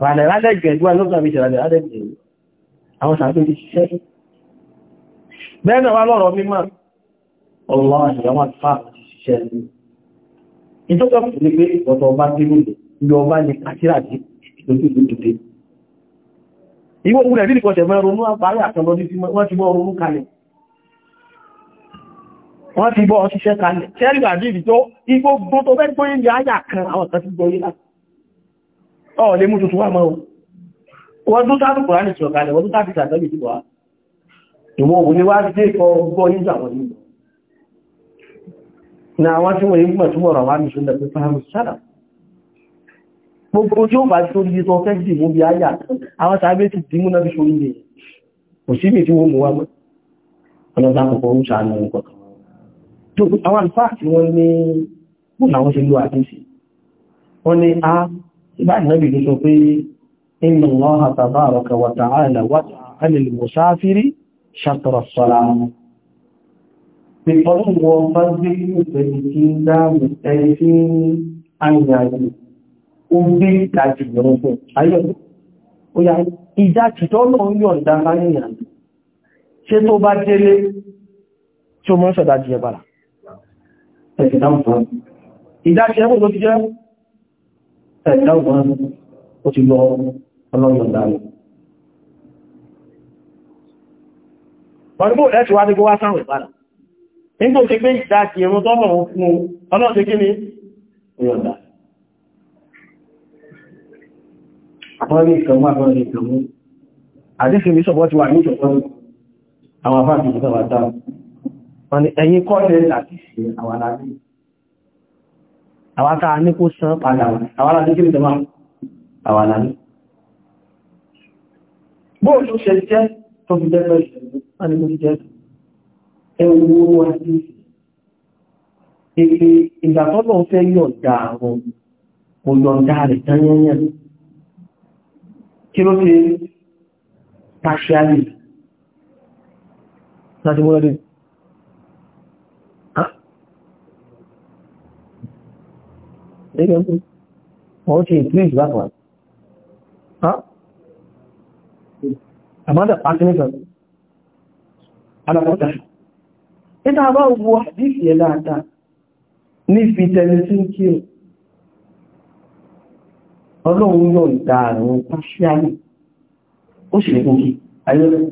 rànẹ̀ rálẹ́gbẹ̀ẹ́ ìgbà lọ́gbàmí ṣe rànẹ̀ rálẹ́gbẹ̀ẹ́ àwọn tàbí ti ṣiṣẹ́ bẹ́ẹ̀ wá lọ́rọ̀ mímọ̀ ọlọ́ àṣìyàwó àti fáàmù ti ṣiṣẹ́ ẹ̀lú ìtọ́jọ́ kò ní pé ọ̀tọ̀ ọba dé lóde ní ọba ní kàtíràdé lójú ìlú dìde ìwọ̀n òun rẹ̀ nílùkọ̀ṣẹ̀ mẹ́rin ronú àbárí àtọ̀lọ́dí wọ́n ti mọ́ ronú kalẹ̀ wọ́n ti bọ́ ọṣiṣẹ́ kalẹ̀ ṣẹ́rì àjíìdì tó igbógbó tó fẹ́ gbóyé ní àyà kan àwọn kan ti gbóyé láti ọ̀ lè mú tuntun wà mọ́ wọ́n tó sáàtù kòrán ní ṣọ̀kalẹ̀ wọ́n tó sáàtù sàtọ́bì ti wà ìwọ̀n òní wá sí ẹ̀kọ́ gbọ́ nígbà wọn nígbà na wọ́n tí wọ́n yí gbọ́n túnmọ̀ rọ̀ wá ní ṣúndà pé fáhàmù sára gbogbo tí ó bá tó rí tó fẹ́ dì mú bí áyà àwọn sàábé ti dì mú náà bí ṣorí rẹ̀ kò sí mi tí wọ́n mú wá mọ́ ọlọ́dá kòkòrò sàánú nǹkan tó àwọn alfáàkì wọn ní bùn àwọn ṣe lú àdíṣì wọ́n ní a ah, ìbá ìnábì tó sọ pé inna Allaha tabaraka wa ta'ala wa ta'ala al-musafiri shatra as-salam pé ọlọ́wọ́ bá gbé ìpẹ̀lú tí ń ẹ̀sìdáwọ̀n ìdáṣẹ́ ẹ̀wọ̀n ló ti jẹ́ ẹ̀sìdáwọ̀n ó ti lọ ọlọ́yọ̀dá rẹ̀ pọ̀lúgbò ẹ̀ṣù wá ní kó wá sáwọn ìpàdà nígbò ti gbé ìdáṣẹ́ ẹ̀rùn tọ́lọ̀ fún ọlọ́ọ̀ṣẹ́ kí ni ọyọ̀dá àwọn ní ìkàmú àwọn ìkàmú àdífẹ́ mi sọ̀pọ̀ ti wà ní ìṣọ̀pọ̀ wọ́n ni ẹ̀yìn kọ́lẹ̀ láti ṣe àwọn aláàrí àwọn akáà ní kó sán padà àwọn aláàrí kí ní tọ́mà àwọn aláàrí bóò ló ṣe jẹ́ tó fi jẹ́ pẹ̀lú Kí ló ṣe partially? Láti mú lọ́dún. ẹgbẹ́ ń kú wọ́n ti increase bákan àmọ́dà pàtíníkan alamọ́ta ìta bá wo àdífì ẹ̀ dáadáa ní fi tẹ́lẹ̀tí kí ọlọ́run yọ ìdáàrùn pàṣíàlì ó sì lè kókí ayẹ́rẹ́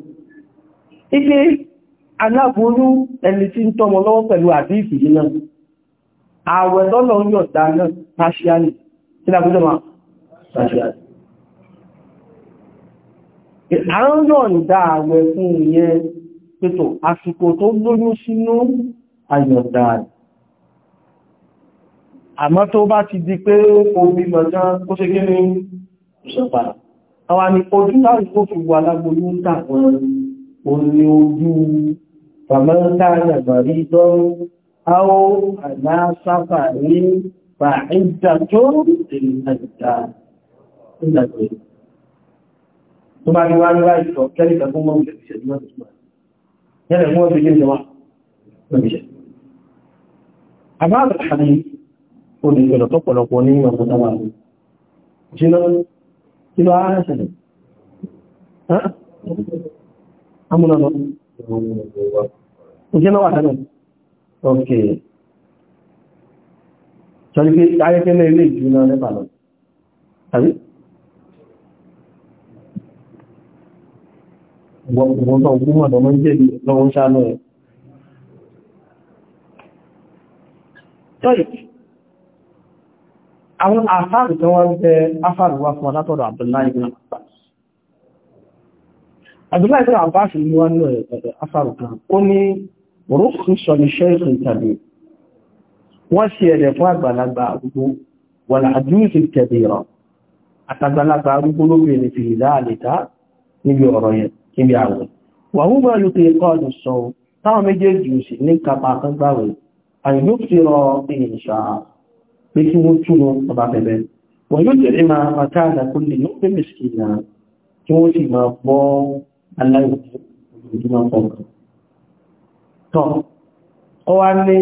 ike aláboyún ẹni tí ń tọ́mọ lọ́wọ́ pẹ̀lú àdífì náà àwẹ̀ tọ́lọ̀ ń yọ̀ dáná partially tí lápútọ́ ma partially a ń yọ̀ ń dá àwẹ̀ fún ìyẹn pẹ̀tò àsìkò tó lóyún sínú àyọ̀dá rẹ̀ àmọ́ tó bá ti di pé omi mọ̀gán kó ṣe kí ní ìṣẹ̀pàá àwọn àmì ojú láàrín kó fi wà lágbóyún tàwọn orí ojú fàmọ́ntà أو على سفر فعدة للمدة إلى الدين ثم أن يوان رأيك وكذلك أكون موجة بشأن ما تسمع هذا هو في جنة واحد ما بشأن أمام الحديث قل إن لتقلقوا نيمة تمام جنة kilo ara ṣẹlẹ̀. Amúnà lọ. Òjẹ́ lọ́wà tánà ok sọ́rí pé ayẹ́kẹ́lẹ́ ilé ìjúná nípa lọ tàbí wọ́n tó gúnmọ̀ ọ̀dọ̀mọ́ jẹ́ lọ́wọ́ ṣánú ẹ̀ tọ́yì àwọn àfáàrù tí wọ́n bẹ àfáàrù wá fún alátọ̀dọ̀ Abdullahi ibn Abbas Abdullahi ibn Abbas ni رخص لشيخ كبير وسير فاق لبا أبو والعجوز الكبيرة أتبلغ في ذلك نبي níbi àwẹ̀. Wàhún máa lùkè kọ́ọ̀dù sọ táwọn méjèèjì sí ní kapa kan gbáwẹ̀, àyìn yóò fi rọ ìṣà pé kí wọ́n túnú ọba bẹ̀bẹ̀. Wọ́n yóò jẹ́ ìmá àkáàdà kó kí wọ́n sì máa bọ́ aláìwọ̀ tọ́ ọ wá ní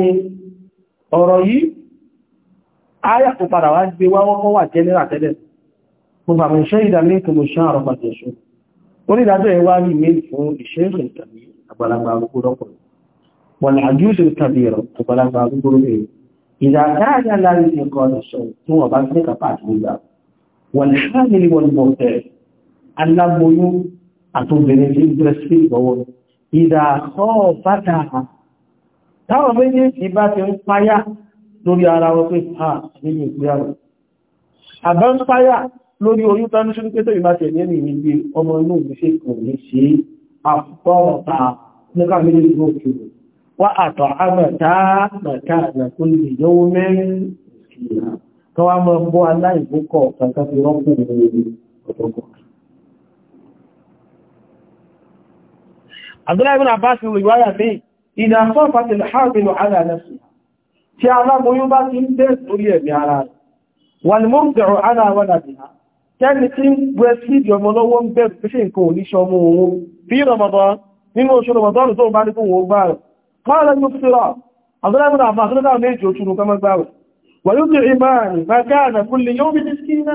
ọ̀rọ̀ yìí ayà tó padà wá gbé wá wọ́n wà jẹ́nẹ́rà tẹ́lẹ̀ mo bàmù iṣẹ́ ìdàmí kò mọ̀ ṣán àrọ̀pàá tẹ̀ṣù onídàájọ́ ìwá rí mail fún iṣẹ́ ìrìnkàmí àgbàlagbà arúgbó rọ́pọ̀ wọ̀n àjúṣe ìkàbí ẹ̀rọ àgbàlagbà arúgbó rẹ̀ ìdàkáyà láàrin ẹ̀kọ́ ọ̀ṣọ́ tí wọ́n bá sí kàpá àtúgbà wọ̀n ṣáàlì wọ̀n mọ̀tẹ̀ aláboyún àtúbẹ̀rẹ̀ sí ìgbẹ̀rẹ̀ sí ìgbọ̀wọ́ ìdàkọ́ bàtà táwọn méjèèjì bá ti ń páyà lórí ara wọn pé ha nínú ìgbéyàwó àbá ń páyà lórí oyún tánú ṣe ń pé tó ìbáṣẹ̀ ní ẹni ìgbé ọmọ inú ìgbésẹ̀ kò ní ṣe àpọ̀ọ̀ta nígbà méjèèjì ló kí wá àtọ̀ àgbàtà bàtà àgbàkún lè yóò mẹ́rin kí Abdullahi ibn Abbas ni riwaya pé ina so fatil habilu ala nafsi tí aláboyún bá ti ń bẹ́ lórí ẹ̀mí ara rẹ̀ wal murdi'u ala waladiha kẹ́ni tí ń breastfeed ọmọ lọ́wọ́ ń bẹ̀rù pé ṣe nǹkan oníṣọ́ ọmọ òun fi Ramadan nínú oṣù Ramadan tó bá ní fún òun gbáàrùn قال المفطرة Abdullahi ibn Abbas ló dáa méjì oṣù nǹkan mẹ́gbàrùn ويطعم ما كان كل يوم مسكينا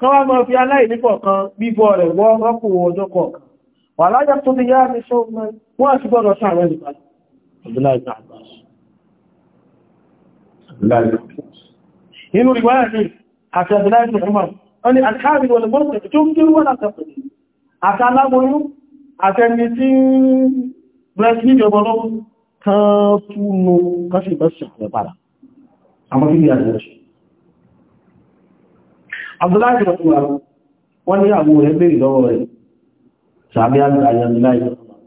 kọwàá mọ́ fi aláìníkọ̀ọ̀kan bíbọ̀ rẹ̀ wọ́n rọ́pò ọjọ́ kọ̀ọ̀kan wà láyé tó ti yá ní ṣó mẹ́ wọ́n ti gbọ́dọ̀ sáàrẹ́ nìkan Abdullahi Abbas inú ìwáyà ní àti Abdullahi Umar wọ́n ni alkáàbí wọlé mọ́sẹ̀ tó ń dúró wọ́n àtàkùn àti aláboyún àtẹni tí breast milk ọmọ lọ́wọ́ kan túnú kásì bẹ́sẹ̀ rẹ̀ padà àwọn ilé àjẹ́ṣẹ́ sàbí àyànláì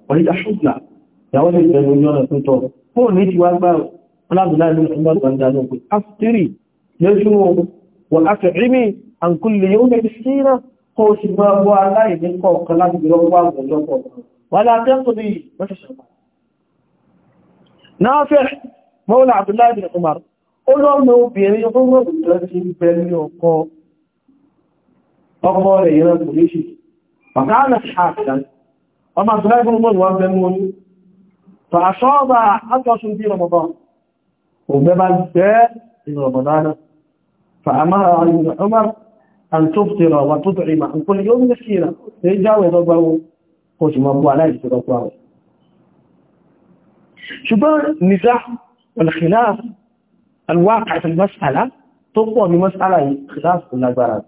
oríta ṣùgbà ìyàwó lè bẹ̀rẹ̀ ojú ọ̀nà pẹ́tọ̀ fóòn ní ti wá gbá ọlábìláì ní ọmọ ìgbàndà náà pé áfìtírì lẹ́ṣù wọ́n afẹ́rími àǹkúlè yóò mẹ́rin sí náà kó o sì máa bọ́ aláìní kọ̀ọ̀kan láti gbẹ̀rọ wà lọ́pọ̀ wà látẹ́kùn ní mọ́ṣẹ̀ṣẹ̀ náà fẹ́ mọ́wọ́lá àbúláì bin Umar ó rẹ̀ kò ní ṣe فقال حاكا أما عبد المول بن عمر وابن فأصاب عطش في رمضان وبما جاء في رمضان فأمر ابن عمر أن تفطر وتطعم عن كل يوم مسكينا يجاوي ربه قلت مبوع لا يفطر شبه النزاع والخلاف الواقع في المسألة تقوى بمسألة خلاف النظرات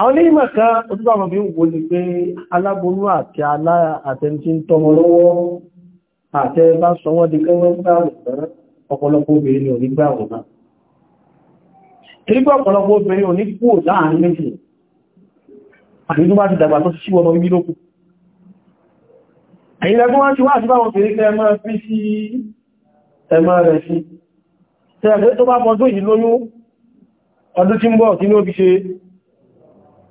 àwọn ilé ìmọ̀ kan ojúbà wọn bí wo ni pé aláboyún àti àtẹntí ń tọmọ lọ́wọ́ àtẹ bá sọ wọ́n di kẹwọ́n gbáwọ̀n ọ̀pọ̀lọpọ̀ obìnrin ò ní gbáwọ̀n náà Ìrígbọ́ ọ̀pọ̀lọpọ̀ obìnrin ò kú láàrin méjì.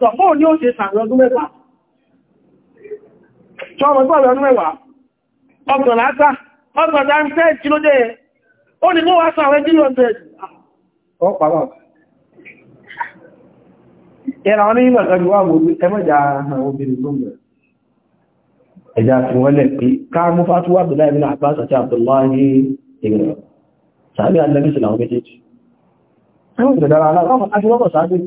tọ̀pọ̀ ní ó ṣe sàrọ̀ ọdún mẹ́wàá ṣọ́mọ̀ tó ọ̀rọ̀ ọdún ọgbọ̀n látà ọgbọ̀n dáńtẹ́ kí ló dé ó ní mọ́ wá sàwẹ́ àwọn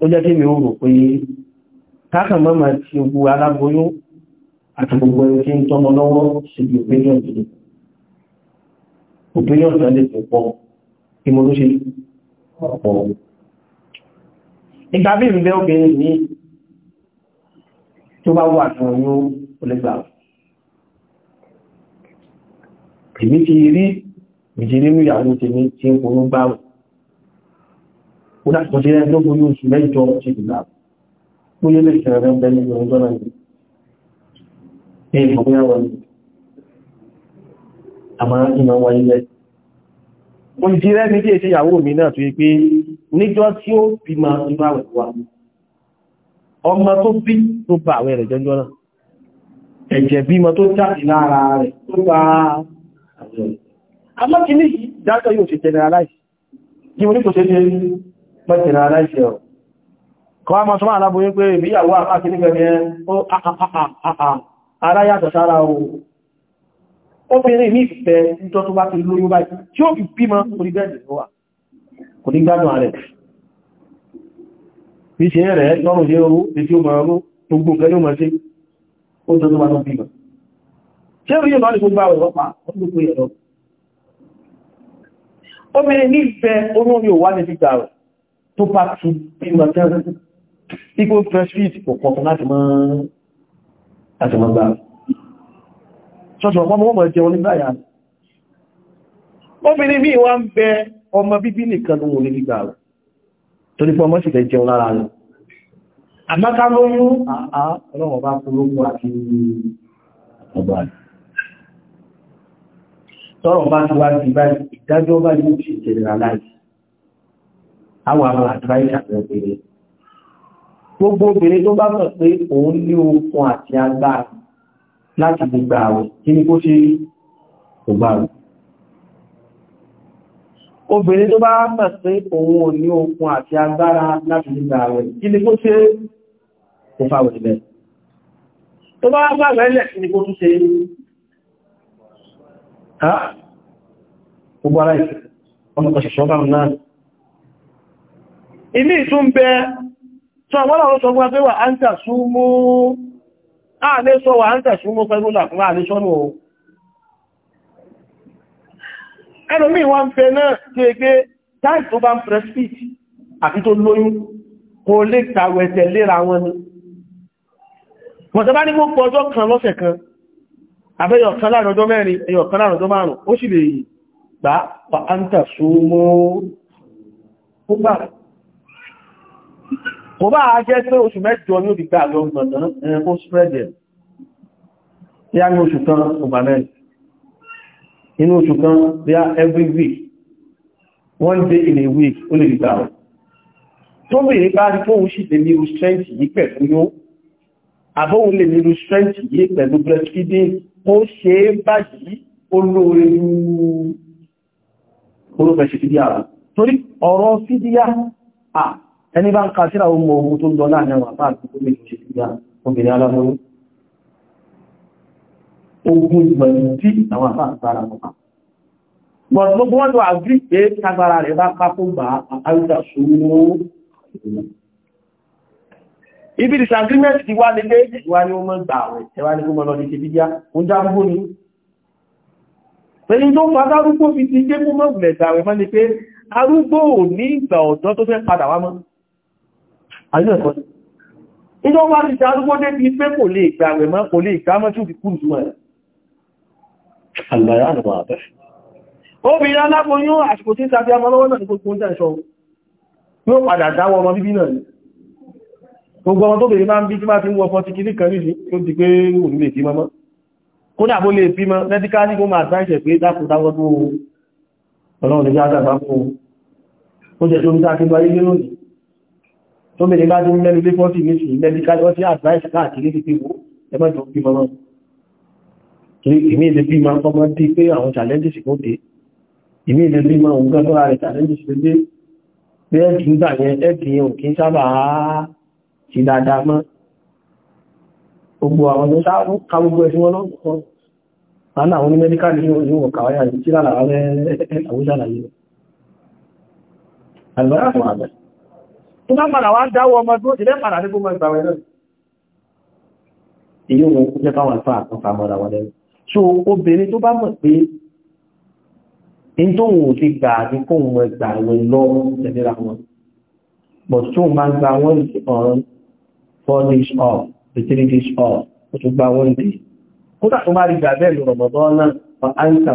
ó jẹ́ kí mi ó rò pé káàkà mọ́mà tí ogun aláboyún àti gbogbo ẹni tí ń tọ́mọ lọ́wọ́ sí ibi opinion tó opinion tó lè tó pọ̀ kí mo ló ṣe ọ̀pọ̀ ìgbà bí ìrìnbẹ́ obìnrin ní tó bá wà tán yóò olẹ́gbà èmi ti rí ìjìnlẹ́mú ìyàwó tèmi tí ń kò ń oṣù mẹ́jọ ti ìgbà ó yẹ́ lè ṣẹ̀rẹ̀ bẹ́ ní ọjọ́ náà ní ìmọ̀ wọn ni àmà ìmọ̀ wọn ilẹ̀ mo ti rẹ́ ní díẹ̀ sí ìyàwó mi náà tó yí pé níjọ́ tí ó bí ma ìbá rẹ̀ wà ọmọ tó bí tó bá àwẹ̀ rẹ̀ jọjọ́ náà ẹ̀jẹ̀ bímọ tó jáde lára rẹ̀ tó bá àwẹ̀ rẹ̀ mẹ́tìnà aláìṣẹ́ ọ̀. kọwa mọ́ súnmọ́ aláboyún pé ìbíyàwó ó ara sára o obìnrin ní ìfẹ́ tó tó bá ti lóyún báyìí tí ó fi bímọ onígbádùn rẹ̀ ó mọ̀rọ̀ gbogbo ní tó bá tún bí wọ́n tẹ́rẹ ipò freshfit kò pọ̀tọ̀ láti mọ́ gbà ṣọ́ṣọ́ ọmọ mọ́ jẹun ní báyà obìnrin bí wá ń bẹ ọmọ bíbí nìkan ló wò ní gbígbà rẹ̀ tó ní pọ́ mọ́ sì fẹ́ jẹun lára rẹ̀ àmáká àwọn àwọn àdúráìsà rẹ̀ bèrè gbogbo obìnrin tó bá mọ̀ pé òun ní okun àti agbára láti gbogbo àwẹ̀ kí ni kó ṣe ògbàrù obìnrin tó bá mọ̀ pé òun ò ní okun àti agbára láti gbogbo àwẹ̀ kí ni kó ṣe òfàwẹ̀ ìbẹ̀ tó bá gbàgbẹ́ lẹ̀ kí ni kó tún ṣe gbogbo ara ìṣẹ́ ọmọ ilé ìtún bẹ tó àwọn ọ̀rọ̀ sọ fún wa ń tàṣúmú ààlé sọ wà ń tàṣúmú pẹ̀lú làfún ààlé sọ́nù ohun ẹlòmí wọ́n ń fẹ́ náà tí ó gbé táì tó bá ń prespit àfi tó lóyún kò lè tàwẹ̀tẹ̀ léra wọn ni mọ̀tẹ́bá ní gbogbo ọjọ́ kan lọ́sẹ̀ kan àbẹ́yọ̀ kan láàrin ọjọ́ mẹ́rin ẹyọ̀ kan láàrin ọjọ́ márùn-ún ó sì lè gbà pa áńtà súnmọ́ púpàá kò bá jẹ́ pé oṣù mẹ́jọ ní òdìgbà àwọn ọmọdán ẹ̀rẹ́ kó spreader tí a ní oṣù kan overnight inú oṣù kan they are every week one day in a week ó lè dìgbà rẹ̀ tó bè nípa rí fóhun sì lè nílùú strength yìí pẹ̀lú yóò àbóhun lè nílùú strength yìí pẹ̀lú breastfeeding ó ṣe é báyìí ó lóore ní orúkọ ṣe fídíà rẹ̀ torí ọ̀rọ̀ fídíà ẹni bá ń ka síra ohun ogun tó ń lọ láàrin àwọn àpá ibi disagreement ti wá lélé ìwá ni ó mọ́ gbà rẹ̀ ẹwà ní gbogbo lọ́dí ti bíjá ó já gbogbo ni pẹ̀lú tó fàtàrúgbó fi ti jẹ́ gbogbo mọ́ gbẹ̀gbà rẹ̀ mọ́ ni pé arúgbó ò ní ìgbà ọ̀dọ́ tó fẹ́ padà wá mọ́ àríwẹ̀kọ́ inú wá ní ìdárúgbó dé bí pé kò lè ìgbà rẹ̀ mọ́ kò lè ìgbà mọ́ tí ó fi kú ìlú ẹ̀ àgbàrá àrùn àbẹ́ obìnrin aláboyún àsìkò tí sàbí amọ́lọ́wọ́ náà ní gbogbo oúnjẹ ìṣọ́ yóò padà dáwọ́ ọmọ bíbí náà gbogbo ọmọ tó bèèrè máa ń bí tí máa ti ń wọ́pọ̀ ti kìrí kan nìsí tó ti pé òun lè bímọ mọ́ kódà bó lè bímọ mẹ́díkálì kó máa dáìṣẹ̀ pé dákùndáwọ́ tó ọlọ́run lè jẹ́ àgbàgbà fún ó jẹ́ tó ń dá lọ ayé lónìí tó mẹ́rin bá dín mẹ́rin lé fọ́sí ní sí medical ọtí advice káàkiri ti pèwò ẹgbẹ́jọ bí mọ́mọ́ torí ìmí ilẹ̀ bí máa fọ́mọ́ dé pé àwọn challenges kó dé ìmí ilẹ̀ bí máa ń gbọ́dọ̀ rẹ̀ challenges ló dé pé ẹ̀dì ń gbà yẹn ẹ̀dì yẹn ò kí ń sábà ti dáadáa mọ́ medical ní ìwọ̀n kàwáyà ní tí lálàá rẹ̀ àwúṣàlàyé rẹ̀ tó máa padà wá ń dáwọ́ ọmọ tó jẹ́ padà ní gbogbo ìgbàwẹ̀ náà èyí so obìnrin tó bá mọ̀ pé in tó wù ti gbà ní kó wọn gbà wọn lọ tẹ̀léra wọn but tó máa gba wọn on four days off the three days off ó tún gba wọn dé kódà tó máa rí gbà bẹ́ẹ̀ lọ́rọ̀ bọ́bọ́ náà wọn á ń kà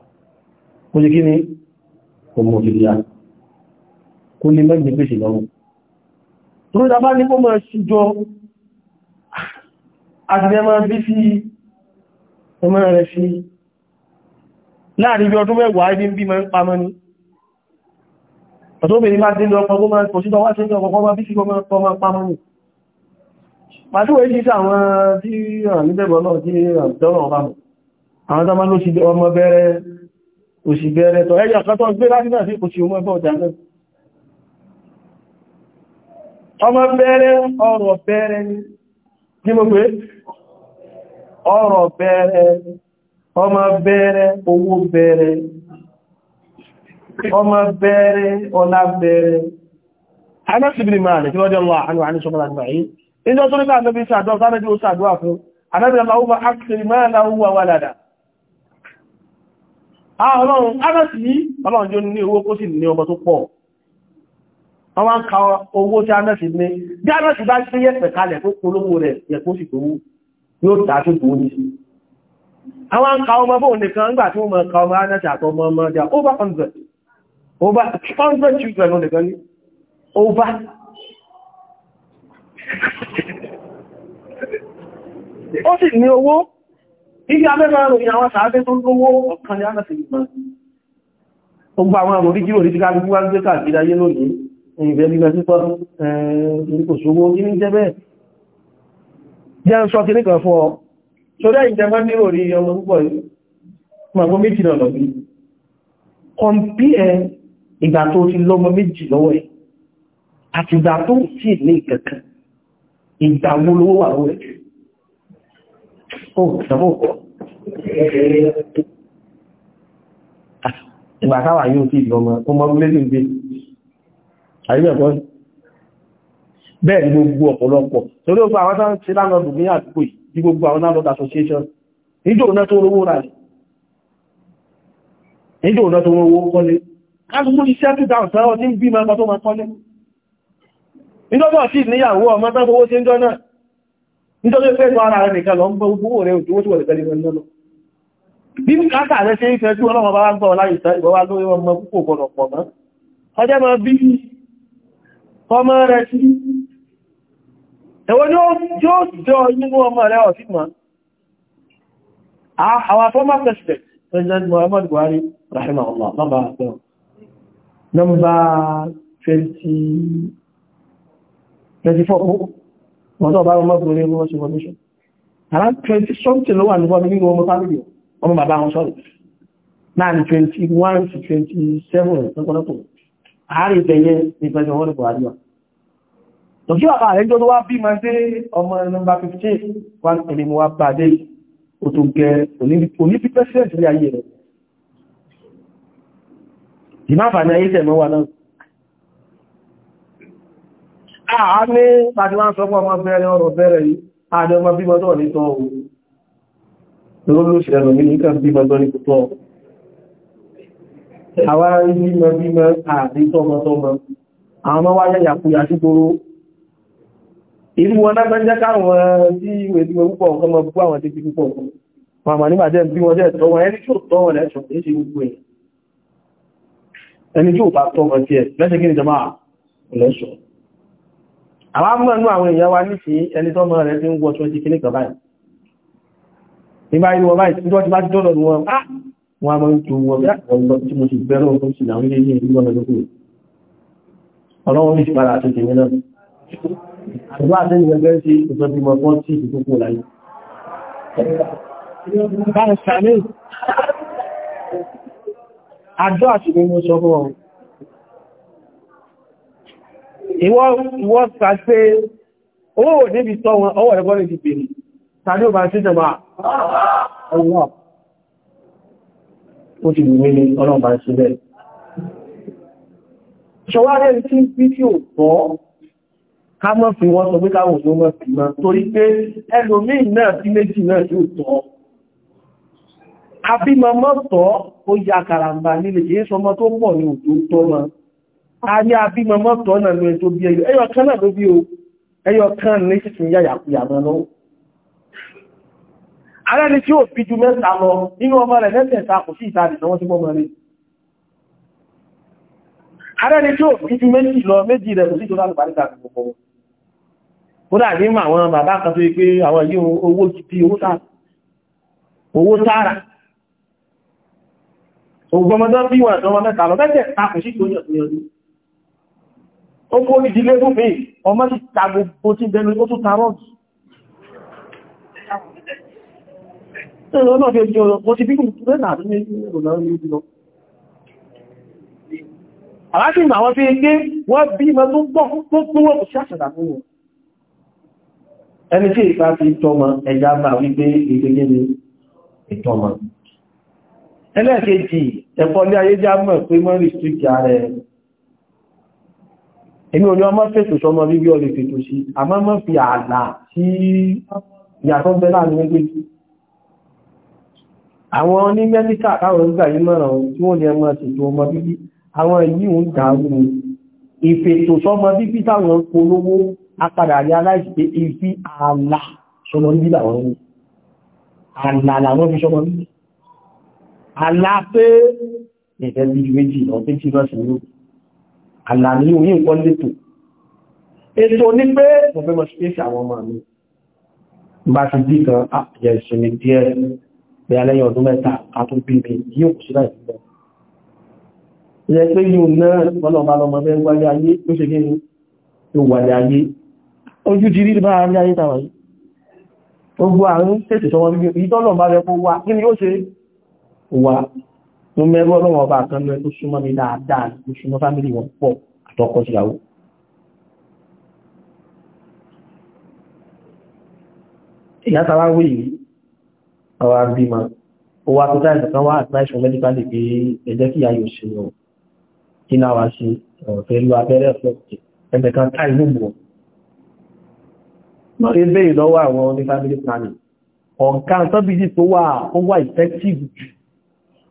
kó jẹ́ kí ni ọmọ òjìlá kó ní mẹ́gbẹ̀ gbèsè lọ́wọ́ tó rí tàbá ní kó mọ̀ ṣíjọ àtìlẹ́mọ̀ bí fi ọmọ rẹ̀ fi láàrin bí ọdún mẹ́wàá ibi ń bí mẹ́ ń pa mọ́ ní ọ̀tọ́bìnrin máa délé ọkọ̀ tó máa pọ̀ síta wá sí ọkọ̀ máa bí sí ọmọ ọmọ pa mọ́ ní pàtíwẹ̀ sí àwọn tí ràn níbẹ̀bọ̀ náà tí ràn tọ́rọ̀ ọmọ àwọn tó máa ló sí ọmọ bẹ̀rẹ̀ òṣì bẹ̀rẹ̀ tọ̀ ẹyà kan tó gbé láti náà sí òṣì ọmọ ẹgbẹ́ ọjà náà ọmọ bẹ̀rẹ̀ ọ̀rọ̀ bẹ̀rẹ̀ ni ní mo pé ọ̀rọ̀ bẹ̀rẹ̀ ọmọ bẹ̀rẹ̀ owó bẹ̀rẹ̀ ọmọ bẹ̀rẹ̀ ọlá bẹ̀rẹ̀ anásìbìrì máa rẹ̀ tí wọ́n jẹ́ lọ àánú àánú ṣọ́kọ́lá àgbà yìí ìjọ́ tó nígbà àmẹ́bí sàdọ́ sáré tí ó sàdọ́ àfún àmẹ́bí ọlá ó máa láwọ́ wà wà Ah, ọlọ́run agbẹ́sì ní ọlọ́run ní owó kó sì ní ọmọ tó pọ̀ ọwá ń ka owó tí agbẹ́sì ní bí agbẹ́sì bá ṣe yẹ́pẹ̀ kalẹ̀ tó polówó rẹ̀ yẹ̀kó sì tówó yóò tààtù tó ní sí àwọn ka ọmọ bóò nìkan nígbà tí wọ́n ka ọmọ agbẹ́sì àtọmọ ó sì ní owó Ibi abẹ́bẹ̀rẹ̀ òyìn àwọn sàábẹ́ tó lówó ọ̀kan ni ánà tèbí máa. Gbogbo àwọn àmòrí jíro ní ti ká gbogbo wá ń gbé káàkiri ayé lónìí, ìbẹ̀ bí mẹ́sí pọ́ ẹ̀ẹ́n kò sówó kí ní jẹ́ bẹ́ẹ̀. Jẹ́ ń sọ kí ní kan fún ọ. Sórí ẹ̀yìn jẹ́ máa nírò rí ọmọ púpọ̀ yìí, máa gbọ́ méjì ìgbà káwà yóò tí ìgbọmọ̀ tó mọ́ lé lè gbé àríwẹ̀kọ́ bẹ́ẹ̀ gbogbo ọ̀pọ̀lọpọ̀ torí ogun àwọn tán ti lánà ọdún ní àdúgbò yìí gbogbo àwọn landlord association níjò náà tó rówó rà níjò náà tó rówó kọ́lé nítorí pé ẹ̀kọ́ ara rẹ̀ nìkan lọ ń gbọ́ gbogbo rẹ̀ òjò wọ́n tí wọ̀lẹ̀ tẹ́lẹ̀ lọ lọ bí káàkà rẹ̀ ṣe ń fẹ́ tí ọlọ́wọ́ bá ń gbọ́ láyé ìwọ́wá lórí ọmọ púpọ̀ gbọ́nà pọ̀ mọ́ ọjọ́ mọ́ bí ọmọ rẹ̀ sí ẹ̀wọ́n yóò jọ inú ọmọ rẹ̀ ọ̀sí mọ́ àwọn ah, former president President Muhammad Buhari rahimahullah bàbá àgbẹ̀ wọ́n tó bá wọn mọ́kùnrin ní wọ́n ṣe wọ́n ṣe around twenty something ló wà ní wọ́n nínú ọmọ fámìlì ọmọ bàbá wọn sọ̀rọ̀ láàrin twenty one to twenty seven lọ́pọ̀lọpọ̀ àárín ìtẹ̀yẹ ìgbẹ́jọ wọn lọ́pọ̀ àríwá tòkí bàbá rẹ̀ jọ tó wá bí máa dé ọmọ nọmba fifteen wá ẹni mo wá o tó gẹ oníbi pẹ́sidẹ̀ntì ilé ayé rẹ̀ ìmáfà ní ayé tẹ̀ mọ́ náà àá ní láti wá ń sọ fún ọmọ bẹ̀rẹ̀ ọ̀rọ̀ bẹ̀rẹ̀ yìí àdé ọmọ bímọ tó ní tọ́ ohun ló ló ṣe ẹ̀rọ nínú ìkàn bímọ tó ní tọ́ àwọn bímọ bímọ àti tọ́mọ tọ́mọ àwọn ọmọ wáyé yàkúyà sí gbóró ìlú wọn náà jẹ́ káwọn tí ìwé tí wọ́n púpọ̀ ọ̀kan mọ bú àwọn tí fi púpọ̀ màmá nígbà jẹ́ bí wọ́n jẹ́ tọ́ wọn ẹni tí ó tọ́ wọn lẹ́ṣọ̀ kìí ṣe gbogbo ẹ̀ ẹni tí ó bá tọ́ tí ẹ̀ lẹ́ṣẹ̀ kí ni jọmọ́ lẹ́ṣọ̀ọ́ àwọn àwọn èèyàn wa ní sí ẹni tó mọ́ rẹ̀ tí ń wọ́ 20 kìíní báyìí nígbà inú báyìí tí wọ́n ti bá ti dọ́dọ̀ ní ah! wọn ah! wọ́n mọ́ tó wọ́n bí àkọ́lọ́ tí mo sì bẹ̀rẹ̀ ohun tó sì ilé ní ìlú ọmọ ìwọ́ sàṣẹ́ owó níbi tọ́ wọn ọwọ́ ẹ̀gbọ́n ní ìbèrè tàbí ọba sí jọba ọwọ́ ó ti wù mí ní ọlọ́ọ̀bá sí bẹ́ẹ̀ ṣọwárẹ́ tí bí tí ò tọ́ ká mọ́ fi wọ́n sọ pé káwọn òṣèrè mọ́ fi mọ́ torí pé ẹlòmíì náà tí méjì náà tí ò tọ́ àbímọ mọ́ tọ́ ó ya karambà nílé kìí sọmọ tó pọ̀ ní òjò tọ́ mọ́ a ní àbí mọ́mọ́ tọ́ náà lóyìn tó bí ẹyọ ẹyọ kan náà ló bí o ẹyọ kan ní sísun yàyà kúyà mọ́ lọ́wọ́ ara ni tí ó fi ju mẹ́ta lọ nínú ọmọ rẹ̀ mẹ́tẹ̀ẹ̀ta kò sí ìtàrí náà wọ́n ti mọ́mọ́ rẹ̀ ara ni tí ó fi ju méjì lọ méjì rẹ̀ kò sí ìtọ́lá àlùbáríkà gbogbo ó dà tó yí ògbọmọdọ́ bí wọn àtọmọ mẹ́ta lọ mẹ́tẹ̀ẹ̀ta kò sí ìtọ́lá àlùbáríkà ó kó ìdílé fún mi ọmọ ti ta gbogbo tí bẹnu ó tún ta rọ́ọ̀dù ẹ̀rọ náà fẹ́ jọ ọ̀pọ̀ ti bíkùn tó rẹ̀nà àti méjì ìrọ̀lá ní ìdílọ aláti ìgbà wọn fi gbé wọ́n bí ma tó gbọ́ tó tún wọ́n kò sí àṣàdà fún wọn ẹ̀kọ́ ní ayé já mọ̀ pé mọ́rìsì tó jẹ́ èmi ò ní ọmọ fètò sọmọ bíbí ọlẹ̀ fètò sí àmọ́ mọ́ fi ààlà sí ìyàtọ̀ bẹ́ láàrin ẹgbẹ́ àwọn ní mẹ́ríkà káwọn ń gbà yí mọ́ràn tí wọ́n ní ẹmọ ṣètò ọmọ bíbí àwọn yìí ń dàrú ìfètò sọmọ bíbí táwọn polówó apadà rí aláìsí ìfi ààlà sọmọ bíbí làwọn ń ààlà làwọn fi sọmọ bíbí ààlà pé ìfẹ́ bíi méjì lọ pé tí lọ́sìn lókù àlàní orí nǹkan lẹ́tò ètò ní pé mo fẹ́ mọ̀ ṣe àwọn ọmọ mi bá ti bí kan àpìyà ah, ìsinmi díẹ̀ pé alẹ́yìn ọdún mẹ́ta àtún bíbi yíò kò sí láì fún ẹ pé yíò náà wọ́n lọ́ba lọ́mọ fẹ́ wáyé ayé ó ṣe gẹ́ni yóò wáyé ayé ojú ti rí bá rí ayé tàwà yìí gbogbo àrùn tètè sọmọ bíbí ìtọ́lọ̀ bá rẹ kó wá kí ni ó ṣe wà mo mẹ́rú ọlọ́wọ́ ọba kan lọ tó súnmọ́ mi dáadáa tó súnmọ́ fámìlì wọn pọ̀ àtọkọ síyàwó ìyá tàbá wí yìí ọwà bímọ owó akọta ìsọ̀kan wá advice from medical leave pé ẹjẹ́ kí ayò sí ọ kí náà wá sí ọ̀fẹ́ lu abẹ́rẹ́ ọ̀fẹ́ ẹgbẹ̀ kan ká inú bọ̀ náà lè bẹ́ẹ̀ lọ́wọ́ àwọn ní family planning ọ̀gá tó bí sí tó wà ó wà effective jù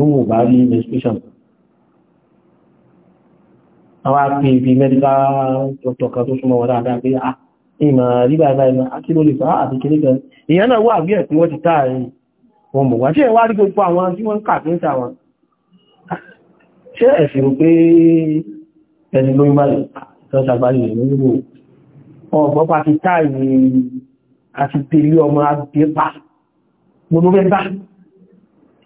níwọ̀n bá rí menstruation àwọn àti ibi medical doctor kan tó súnmọ́ wọn dáadáa pé ah ìmọ̀ rígbà ìbáyìmọ̀ akílò ah, lè fàá ah, àti kéré gan èyàn náà wà bí ẹ̀kùn wọ́n ti táàrí wọn mọ̀ wá tí ẹ̀wà rí gbogbo àwọn tí wọ́n ń kà ní ìtàwọn ṣe ẹ̀sìn pé ẹni lóyún ah, bá ìtọ́sàgbáyé nínú ọgbọ́n pa àti tèlé ọmọ agbẹ́pà gbogbo mẹ́ta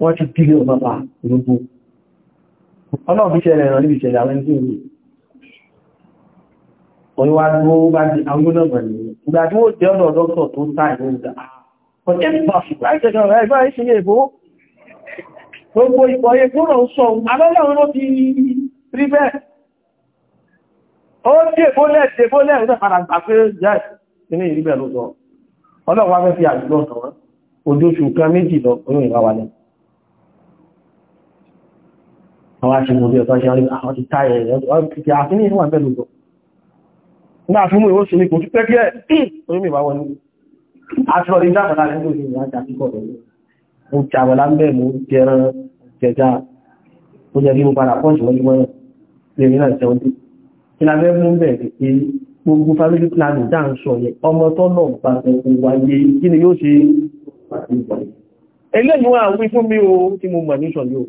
wọ́n ti pílé ọ̀pàpà gbogbo ọlọ́run fi ṣẹlẹ̀ ìrànlẹ́ ìṣẹ̀lẹ̀ àwọn ẹgbẹ́ ìwé oríwá tí ó tí ó jẹ́ ọ̀dọ̀ dọ́kọ̀ padà gbà pé jẹ́ ìní ìrí bẹ́ẹ̀ ló wá fẹ́ fi àjúgbọ́n sọ ojóṣù kan méjì lọ orí ìwáwalẹ̀ àwọn aṣèlú bí ọ̀tọ́ ṣe àwọn ti táyẹ̀ ìrẹ̀ àfíní ìwà ń bẹ̀lú náà fún mú ìwó ṣe ní kò tí pẹ́kẹ́ orí bá wọ́n ní gbogbo family planning dá ń sọ yẹn ọmọ tó náà bá gbogbo wáyé kí ni yóò ṣe eléyìí wà wí fún mi o tí mo mọ̀ ní sọ̀rọ̀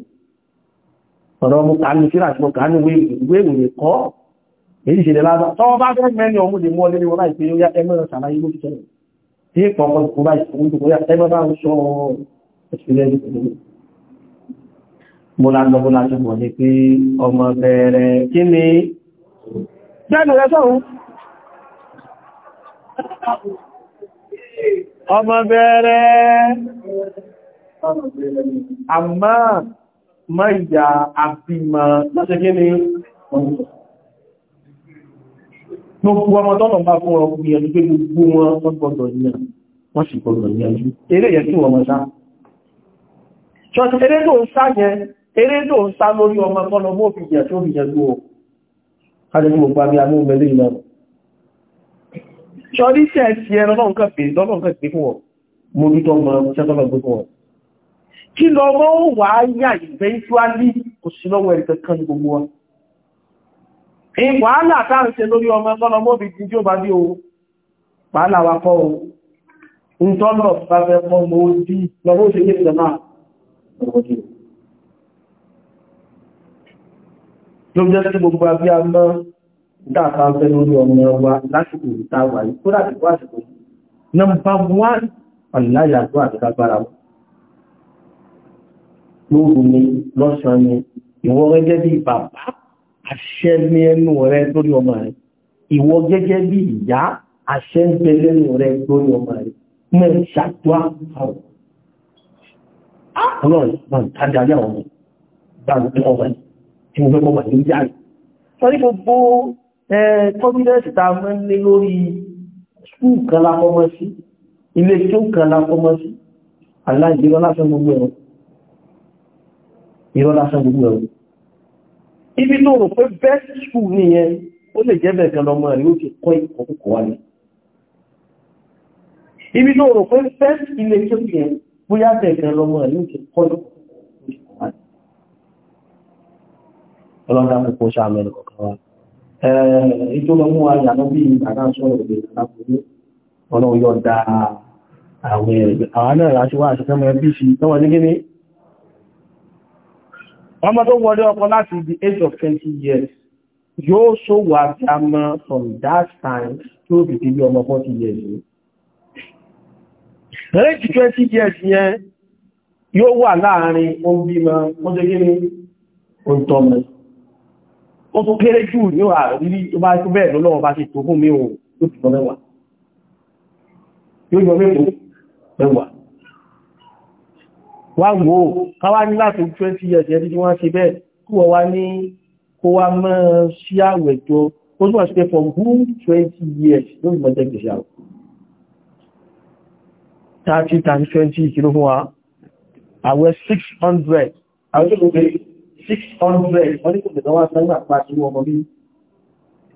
ọ̀rọ̀ mú kàánù síra àti mọ̀ kàánù wéèwò lè kọ́ èyí ṣe lè lábá tọ́wọ́ bá fẹ́ mẹ́rin ọmọ lè mú ọlẹ́ni wọ́n láìpé ó yá ẹmọ́ ṣàlàyé ló fi sẹ́rẹ̀ tí pọ̀pọ̀ tó bá ìṣòro tó yá ẹmọ́ bá ń sọ ìṣẹ̀lẹ̀ ìṣẹ̀lẹ̀ mo la lọ bó ọmọ bẹ̀rẹ̀ ọmọ bẹ̀rẹ̀ mọ́ ìyà àfihàn lọ́ṣẹ́ kí ni gbogbo ọmọ tọ́nà bá fún ọkùn ìyànjú pé gbogbo wọn wọ́n gbọ́dọ̀ ìyàn wọ́n sì gbọ́dọ̀ ìyànjú eré yẹ tí wọ́n mọ́ sá ṣọ́tí eré tó ń sá yẹn eré tó ń sá lórí ọmọ tọ́nà mọ́ fi jẹ́ tó fi jẹ́ gbọ́ adẹ́gbò pàbí amú mẹ́lẹ́ ìlànà ṣọ́dí tẹ́ ti ẹran lọ́nà kan pè fún ọ mo dúdọ́ mọ́ sẹ́tọ́lọ́gbẹ́ fún ọ kí lọ mọ́ wà á yà eventually kò sí lọ́wọ́ ẹ̀rẹ̀ kankan ní gbogbo wọn wàhálà táàrí ṣe lórí ọmọ ọlọ́mọ́ bí i jó bá bí o wàhálà wa kọ́ o ń tọ́lọ̀ bá fẹ́ kọ́ mọ́ ojú lọ́wọ́ ṣe ní ìjọmá ló jẹ́ sí gbogbo abí a mọ́ dáta fẹ́ lórí ọmọ wa lásìkò ìta wà ní kó láti wá àsìkò nọ́mbà 1 ọ̀láyàgbọ́ àti lóòrùn ni lọ́sàn ni ìwọ gẹ́gẹ́ bí bàbá àṣẹ ní ẹnu rẹ lórí ọmọ rẹ ìwọ gẹ́gẹ́ bí ìyá àṣẹ ń bẹ lẹ́nu rẹ lórí ọmọ rẹ mọ ìṣàtọ́ àwọn ọlọ́run máa ń tájà ní àwọn gbàgbé ọmọ rẹ tí mo fẹ́ kọ́ wà ní ìyá rẹ sọ́rí gbogbo kọ́mídẹ́sì tá a máa ń ní lórí skúù kan lápọ́mọ́ sí ilé tó kan irọ́ lásán gbogbo ẹ̀rù ibi tó rò pé best school nìyẹn ó lè jẹ́ bẹ̀ẹ̀ gan-an ọmọ rẹ̀ ó ti kọ́ ìkọ́ kòkòrò wá ní ibi tó rò pé best ilé tó yẹn bóyá bẹ̀ẹ̀ gan-an ọmọ rẹ̀ ó ti kọ́ ìkọ́ kòkòrò wá ní ọlọ́dá kòkó sàmẹ́lì kọ̀ọ̀kan wá ìtọ́lọ́mú ayàmọ́ bí i àdá sọ́rọ̀ ìgbè aláboyé ọlọ́run yọ dáa àwọn wá ọmọ tó wọlé ọkọ láti the age of 20 years yóò ṣòwò abiyamọ from that time tó fi ti bí ọmọ 40 years ní age 20 years yẹn yóò wà láàrin ohun bímọ ó tó gíní ohun tọ́mọ ó tó kéré jù ní àrírí tó bá tó bẹ́ẹ̀ lọ́lọ́wọ́ bá ti tó fún mi ohun tó fi mọ́ mẹ́wàá yóò yọ mẹ́wàá wá wò ó káwá ní láti 20 years ẹni tí wọ́n ṣe bẹ́ẹ̀ kí wọ́n wá ní kó wá mọ́ sí àwẹ̀ tó ó túnmọ̀ sí pé for good 20 years ló fi mọ́jẹ́ gbèsè àwọ̀ 30 times 20 kìló fún wa àwẹ̀ 600 àwọn tó gbé 600 wọ́n ní kò gbẹ̀dọ̀ wá sáyé àpá sí ọmọ bí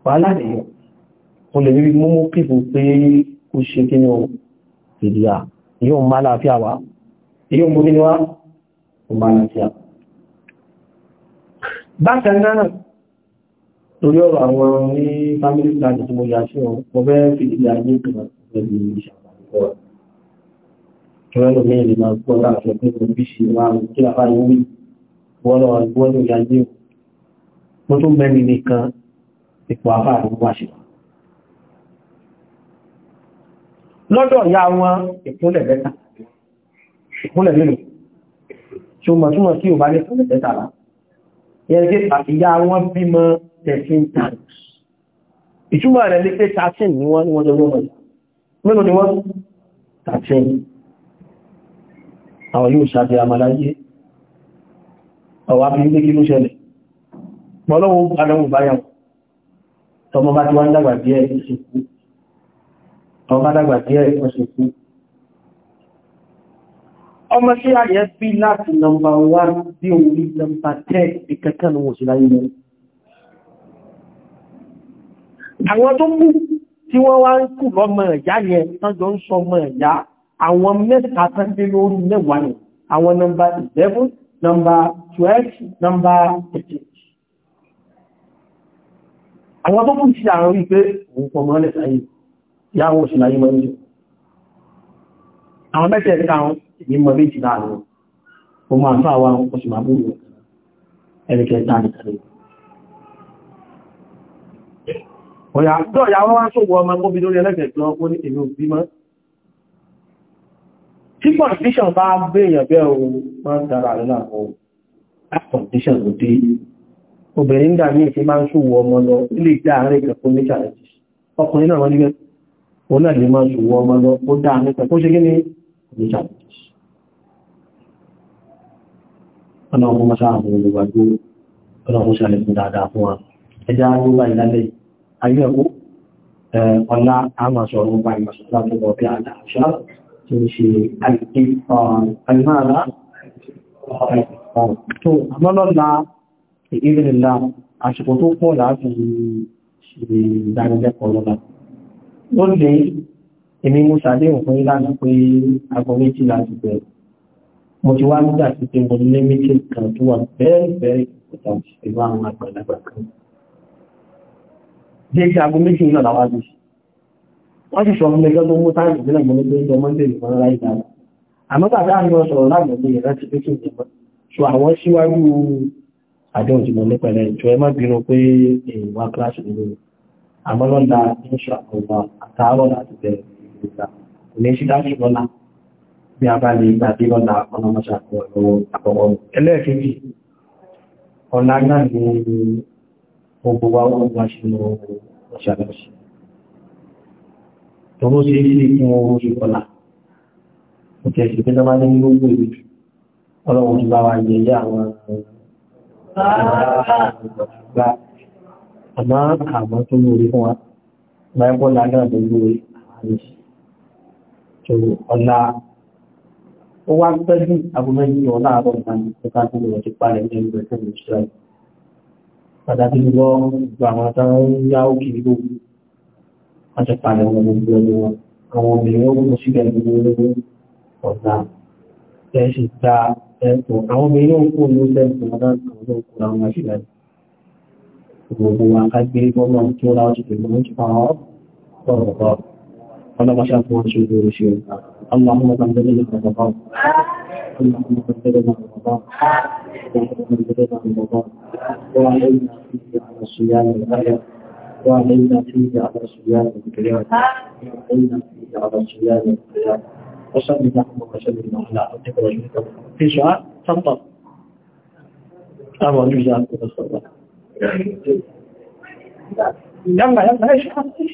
wàhálà nìyẹn mo lè rí mú pípò pé kò ṣe kí ni ó fìdí à yóò yóò mú nínú wá ọmọlàtíà bákan náà torí ọ̀rọ̀ àwọn ní family plan tí mo yà sí ọ̀ mo fẹ́ fi ilé ayé tó máa pẹ̀lú ìṣàkókò rẹ̀ kí wọ́n lò ní ilé máa gbọ́ láti ọ̀pẹ́ tó bí ṣe máa ń kí apá yóò wí wọ́lọ̀ ìgbọ́lù ìyájé mo tún mẹ́rin lọ́dọ̀ ìyá wọn ìpínlẹ̀ mẹ́ta ìkúnlẹ̀ mélòó tí ó mọ̀túnmọ̀ sí ò bá ní ìkúnlẹ̀ tẹ́tàlá yẹn pé àtìyá wọn bímọ thirteen times ìtumọ̀ rẹ̀ ní pé thirteen ni wọ́n ní wọ́n jọ lọ́mọ̀ mélòó ni wọ́n thirteen àwọn yóò ṣàdé àmàláyé ọwà bí ní kí ló ṣẹlẹ̀ mọ́lọ́wọ́ adọ́wò báyàn tọmọ bá ti wá ń ọmọ sí àyẹ́ bí láti nọmbà wá bí orí nọmbà tẹ́ ìkẹ́kẹ́ lọ wọ̀n sí láyé mẹ́rin àwọn tó mú tí wọ́n wá ń kù lọ́mọ ẹ̀yá yẹn tọ́jọ́ ń sọ ọmọ ẹ̀yá àwọn mẹ́ta tẹ́lẹ̀ lórí mẹ́wàá ni àwọn nọmbà 11 nọmbà 12 nọmbà 13 àwọn tó kù sí àwọn wípé òun pọ̀ mọ́lẹ̀ sáyé yáwó sí láyé mọ́ ní mọ méjì láàrin o máa fà wá oṣù màbúrò ẹ̀rẹ̀kẹta nìkanlẹ̀ ọ̀yà dọ́ọ̀yà wọ́n wá ṣògbọ́ ọmọ gbóbi lórí ẹlẹ́gbẹ̀ẹ́ lọ kó ní èmi òbí mọ́ tí condition bá gbéyàn bẹ́ ohun máa ń dára rẹ̀ láàrín ohun condition ló dé obìnrin ń dà ní ìfẹ́ máa ń ṣòwò ọmọ lọ ilé ìdá àárẹ̀ ìkẹ̀kọ́ ní challenges ọkùnrin náà wọ́n níbẹ̀ òun náà lè máa ṣòwò ọmọ lọ ó dá nípa tó ṣe gíní ní challenges ọlọ́run mọ́ṣá àwọn olùgbàgbó ọlọ́run ṣe àlẹ́kùn dáadáa fún wa ẹjá gbogbo ìlàlẹ̀ ayẹ́kú ọlá àmàṣọ̀rọ̀ bá ìmọ̀ṣọ̀lá tó bọ̀ bí àdáṣá tó ń ṣe àìmára tó àmọ́lọ́lá ìrìnlá àṣìkò tó pọ̀ láti ṣe ìdánilẹ́kọ̀ọ́ lọ́la lónìí èmi mú ṣàdéhùn fún ìlànà pé agbọ́n méjì láti bẹ̀rẹ̀ mo ti wá nígbà tí pé mo ní méjì kan tó wà very very important pẹ̀lú àwọn àgbàlagbà kan déédé aago méjì náà làwọn àgbè wọ́n sì sọ fún mi gẹ́gẹ́ mú táàmì sílẹ̀ mo ní pé ọjọ́ mọ́ndé lè mọ́ra láì dára àmọ́ bàbá àmì ọ̀sọ̀rọ̀ láàmú ní ìrẹ́ ti pékin ìjọba so àwọn síwájú àjọ ìjìnà ní pẹ̀lẹ́ ìjọ ẹ má bínú pé èèwà kíláàsì nínú àmọ́ lọ́la ní ṣàkóso àtàárọ̀ láti bẹ̀rẹ̀ ìgbà kò ní lọ́la bí a bá lè gbàdé lọ́la ọ̀nà mọ́ṣàkọ̀ àkọ́kọ́. Ẹlẹ́ẹ̀kejì, ọ̀la náà ni gbogbo wa ó wá ṣe lọ ọ̀ṣàlọ́ṣì. Tọ́rọ ṣe é sí fún oorun ìkọlà. Ó kẹ́ sí pé lọ́wọ́ ní gbogbo ìlú. Ọlọ́run ti bá wa àwọn àmọ́ àmọ́ tó ó wá pẹ́jú agbọ́mẹ́jì ọ̀la àárọ̀ ìgbàlẹ̀ tó ká tó lọ sí parẹ́ ní ẹgbẹ́ tó lè ṣe ẹ̀. pàtàkì lọ gba àwọn àtàwọn yá òkè ló wọ́n ti parẹ́ wọn gbogbo ẹni wọn àwọn obìnrin ó kó sílẹ̀ ní olówó ọ̀dà ẹ̀ sì gba ẹ̀kọ́ àwọn obìnrin ó kó ní lẹ́kọ̀ọ́ ọ̀dà àwọn olóòkú làwọn máa gbogbo wa ká gbé bọ́ọ̀lù tó ra ọ̀ṣẹ̀ ونبشات من شرور شيئا اللهم بلغنا رمضان اللهم بلغنا رمضان اللهم بلغنا رمضان وعلمنا فيه على الصيام والغير وعلمنا فيه على الصيام والقيام وعلمنا فيه على الصيام والقيام وصلي اللهم وسلم على عبدك ورسولك في سؤال تفضل أبو جزاك الله يلا يلا ايش ايش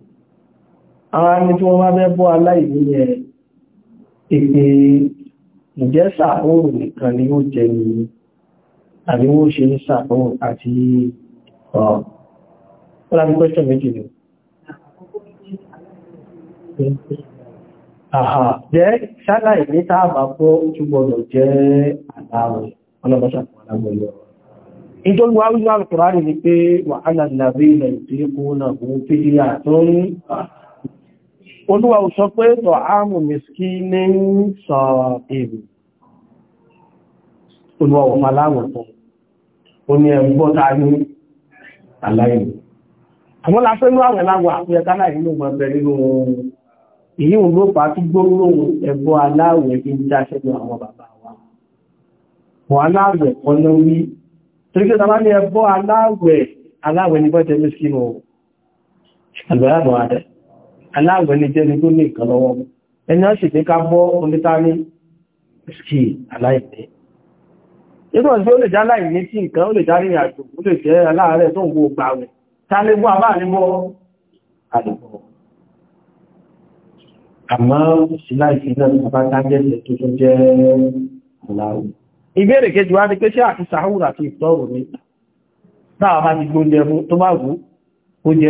àwọn ẹni tí wọ́n bá bẹ́ bọ́ aláìníyẹ ìpé ìjẹ́ sàárùn nìkan ni ó jẹ ní àríwó ṣe ń sàárùn àti ọ̀rọ̀. ó lábí pẹ́ṣẹ̀ méjì ni àhà jẹ́ ṣáláì ní táàbà bọ́ túbọ̀lọ̀ jẹ́ àdáwẹ̀ ọlọ́bọ̀ṣàpọ̀ alágbẹ̀lẹ̀ ọ̀rọ̀ ìjọlù wáwíwá alùkùránì ni pé wà á nà nàbí ilẹ̀ ìtìrí kó náà kó fídíà tó olúwa ò sọ pé tọ̀ áàmù mìsíkí ní sọ èrè olúwa ò faláwọ̀ tán ó ní ẹgbọ́n ta ní aláìní àwọn láfẹ́ ní àwọn aláwọ̀ àpẹẹká láì nínú ọmọ ẹgbẹ̀ nínú èyí òun ló pa tí gbóòrùn ẹgbọ́ aláwẹ̀ bí ń dáṣẹ́ ní àwọn bàbá wa wọ́n aláwẹ̀ aláàwẹ̀ lè jẹ́ ni tó ní ìkan lọ́wọ́ ẹni ọ́ sì pé ká bọ́ oníta ní ski aláìní inú ọ̀sẹ̀ ó lè já láìní tí nǹkan ó lè já rìnrìn àjò ó lè jẹ́ aláàrẹ̀ tó ń wo gbà rẹ̀ ta lè bú àbá àríwọ́ àdìbò àmọ́ sí láìsí náà bá tágẹ́sẹ̀ tó tó jẹ́ aláàrù ìbéèrè kejì wá ní pé ṣé àti sàhúrà àti ìtọ́rù ní táwọn bá ti gbóúnjẹ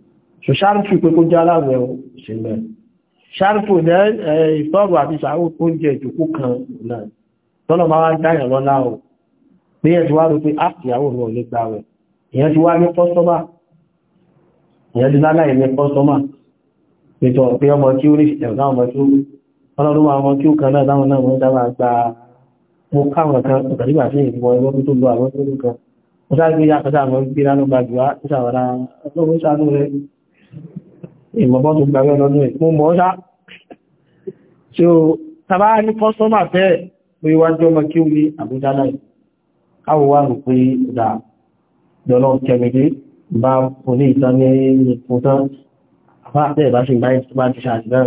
so ṣáàrùfù pé kó jáláwẹ̀ sílẹ̀ ṣáàrùfù ní ìtọ́rù àti ṣàwọ́ oúnjẹ ìjòkó kan náà tọ́lọ̀ máa ń dáyàn lọ́lá o pé ẹ̀ ti wá rú pé rẹ̀ olè rẹ̀ ìyẹn ti wá rí ìmọ̀bọ́n tó gbàrẹ́ lọ́dún ẹ̀ mú mọ́ ṣá tí ó tàbá ní kọ́sọ́mà fẹ́ pé wájú ọmọ kí ó ní àbújá náà káwọ̀wà rò pé ìdá jọlọ kẹmìdé bá kò ní ìtàn ní ìpótán àfáàfẹ́ ìbá ṣe báyìí tó bá ti ṣàtìlá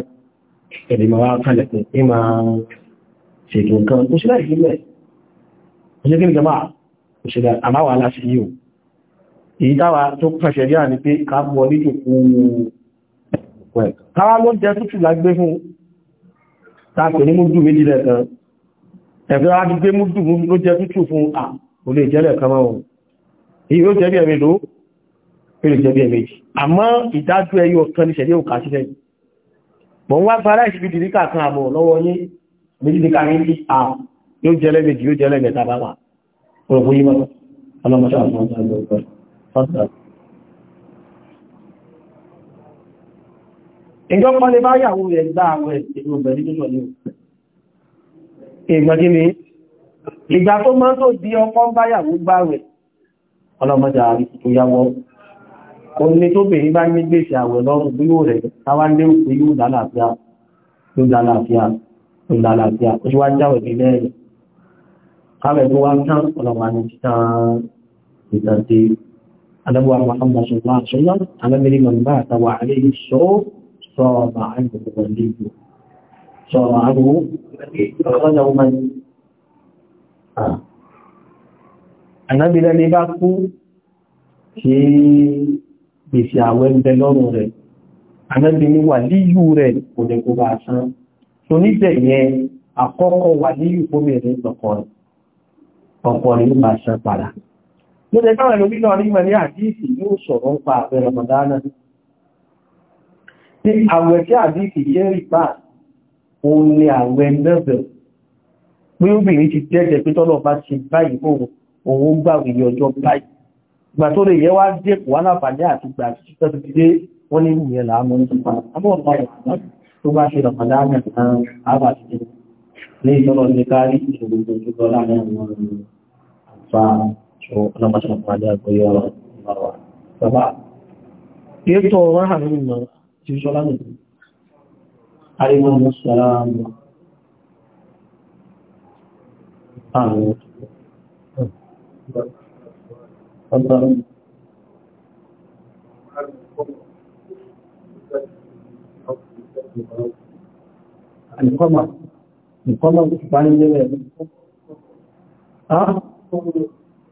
ẹ̀dẹ̀ máa kalẹ̀ pé ẹ máa ṣètò nǹkan kò sílẹ̀ ìpínlẹ̀ kò sí kí ni jọba kò sílẹ̀ àmáwà aláṣẹ yìí ò èyí táwa tó fẹsẹ̀ rí à ní pé ká bọ́ nídòkú pẹ̀ káwà ló jẹ́ tútù lágbé fún tàbí ní múdù méjì lẹ́kan ẹ̀fẹ́ wá ti gbé múdù ló jẹ́ tútù fún à kò lè jẹ́lẹ̀ kan mọ́ ohun èyí ó jẹ́ bí ẹ̀mẹ́ ló pèlè jẹ́ bí ẹ̀mẹ́jì àmọ́ ìdájú ẹyọ kan níṣẹ̀ yóò kà sílẹ̀ mọ̀ ń wá fara ìṣibí dìríkà kan àbọ̀ lọ́wọ́ yín méjì ní káàrin sí à yóò jẹ́lẹ̀ méjì yóò jẹ́lẹ̀ mẹ́ta bá wà ọ̀rọ̀ fún yí mọ́ ọlọ́mọṣẹ́ àwọn ọmọ ọ̀sán ìjọ kan lè bá yàwó rẹ̀ gbá àwẹ̀ ìlú obìnrin tó sọ ní ìgbàgí ni ìgbà tó mọ́ tó di ọkọ bá yàwó gbá rẹ̀ ọlọ́mọdé àríkùtù yàwó o ní tó bèèrè bá ní gbèsè àwẹ̀ lọ́rùn bí ó rẹ̀ táwá lé òkú yóò dálàáfíà yóò dálàáfíà yóò dálàáfíà ó sì wá jáwẹ̀ bí lẹ́rẹ̀ صام عنه وليه صام عنه أخرجه من Ànábì lẹ́ni bá kú kí gbèsè àwẹ́ ń bẹ lọ́rùn rẹ̀. Ànábì ní wà líyù rẹ̀ kò lè kó bá sán. So níbẹ̀ yẹn, àkọ́kọ́ wà líyù fómìnrin lọ́kọ̀ rẹ̀. Ọkọ̀ rẹ̀ ló káwọn ẹlòmí náà rí ní àdíìsì yóò sọ̀rọ̀ ń pa àpẹẹrẹ mọ̀dánà tí àwẹ̀ tí àdíkì jẹ́ rípa òun ni àwẹ̀ mẹ́bẹ̀ pé obìnrin ti tẹ́ẹ̀tẹ̀ pé tọ́lọ̀ bá ṣe báyìí òun gbàwé ọjọ́ báyìí ìgbà tó lè yẹ wá dé wá láǹfààní àti ìgbà tó ṣe rọ̀mọ̀dá àwọn àbà ti dé ní ìtọ́lọ̀ ọ̀rọ̀ bàbá tí ó ṣọ́lá nìkan àríwá mọ́ sí alára mọ́ àwọn ọ̀tọ̀ Àìkọ́mà, ìkọ́mà bá ń lẹ́rẹ̀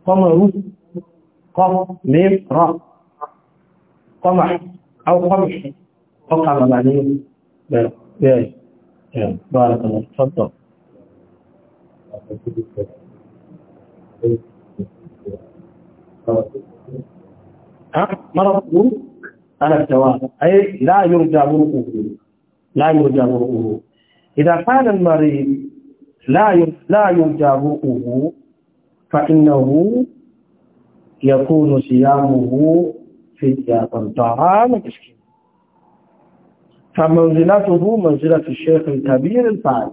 kọmọ rú kọmọ mẹ́rọ kọmọ àwọn kọmọ ṣe وقع مبانيه بعدين بارك الله تفضل مرض ملوك على الجواب أي لا يرجى ملوكه لا يرجى ملوكه إذا كان المريض لا لا يرجى ملوكه فإنه يكون صيامه في طعام تشكيل فمنزلته منزلة الشيخ الكبير الفاعل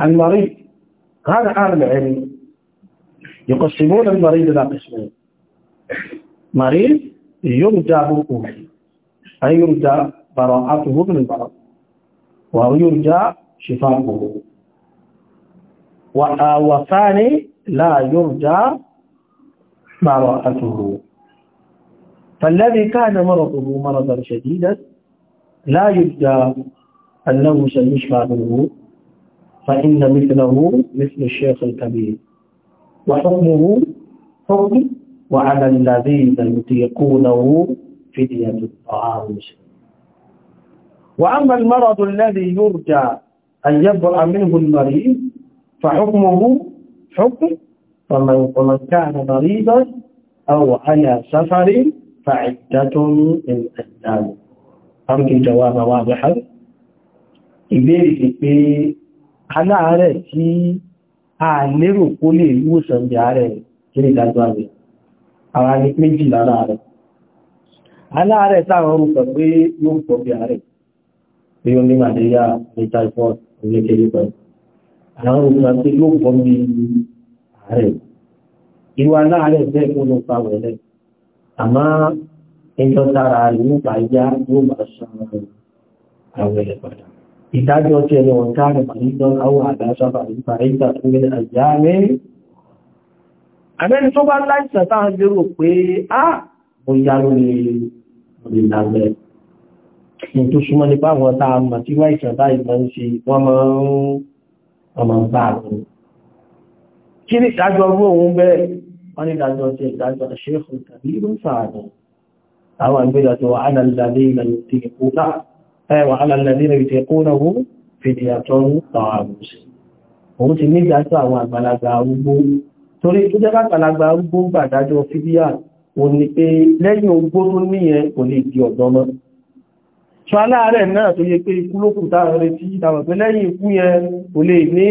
المريض هذا عالم العلم يقسمون المريض إلى قسمين مريض يرجى برؤه أي يرجى براءته من المرض ويرجى شفاؤه وثاني آه، لا يرجى براءته فالذي كان مرضه مرضا شديدا لا يبدأ أنه سيشفى منه فإن مثله مثل الشيخ الكبير وحكمه حكم وعلى الذين يطيقونه فدية الطعام وأما المرض الذي يرجى أن يبرأ منه المريض فحكمه حكم فمن كان مريضا أو على سفر فعدة من أجداده fáńkì jọwọ́ àbáwọ́ àbáhá ìbéèrè ti pé aláàárẹ̀ tí a lérò kó lè wúsàn bí ààrẹ kí ní ìdájọ́ ààrẹ ara ní méjì lára rẹ̀ aláàárẹ̀ táwọn orúkọ pé yóò pọ̀ bí ààrẹ pé ó ní màdíyà ní typhoid ní kéde pẹ̀lú àwọn orúkọ pé ẹjọ́ tára rẹ̀ nípa yá yóò máa san àwọn ẹ̀rẹ̀ padà. ìdájọ́ tí ẹni wọ̀n káàrì pàdéjọ́ àwọn àdáṣàbà nípa ẹ̀dà tó gẹ́lẹ̀ àjá mẹ́rin. àbẹ́ni tó bá láìsàn táà lérò pé á mo yá lórí ìlànà ní tó súnmọ́ nípa àwọn táà mà tí wá ìsàn táà ìmọ̀ ń ṣe wọ́n máa ń bá àwọn. kí ni ìdájọ́ rú òun bẹ́ẹ̀ wọ́n ní ìdájọ́ tí ìdájọ́ ṣe fún tàbí ìrúfà àdùn àwọn ìgbéyàtọ̀ wà alàlẹ́lẹ́ ìtẹ̀kúnnáwó fìdíyàtọ̀ tààrùsì òun ti nígbàtọ̀ àwọn àgbàlagbà arúgbó torí tó jẹ́ àgbàlagbà arúgbó gbàdájọ́ fìdíyà o ní pé lẹ́yìn ogbó tó níyẹn kò lè di ọ̀dọ́ mọ́ ṣọ aláàrẹ̀ náà tó yẹ pé ikú lókù táwọn retí táwọn pé lẹ́yìn ikú yẹn kò lè ní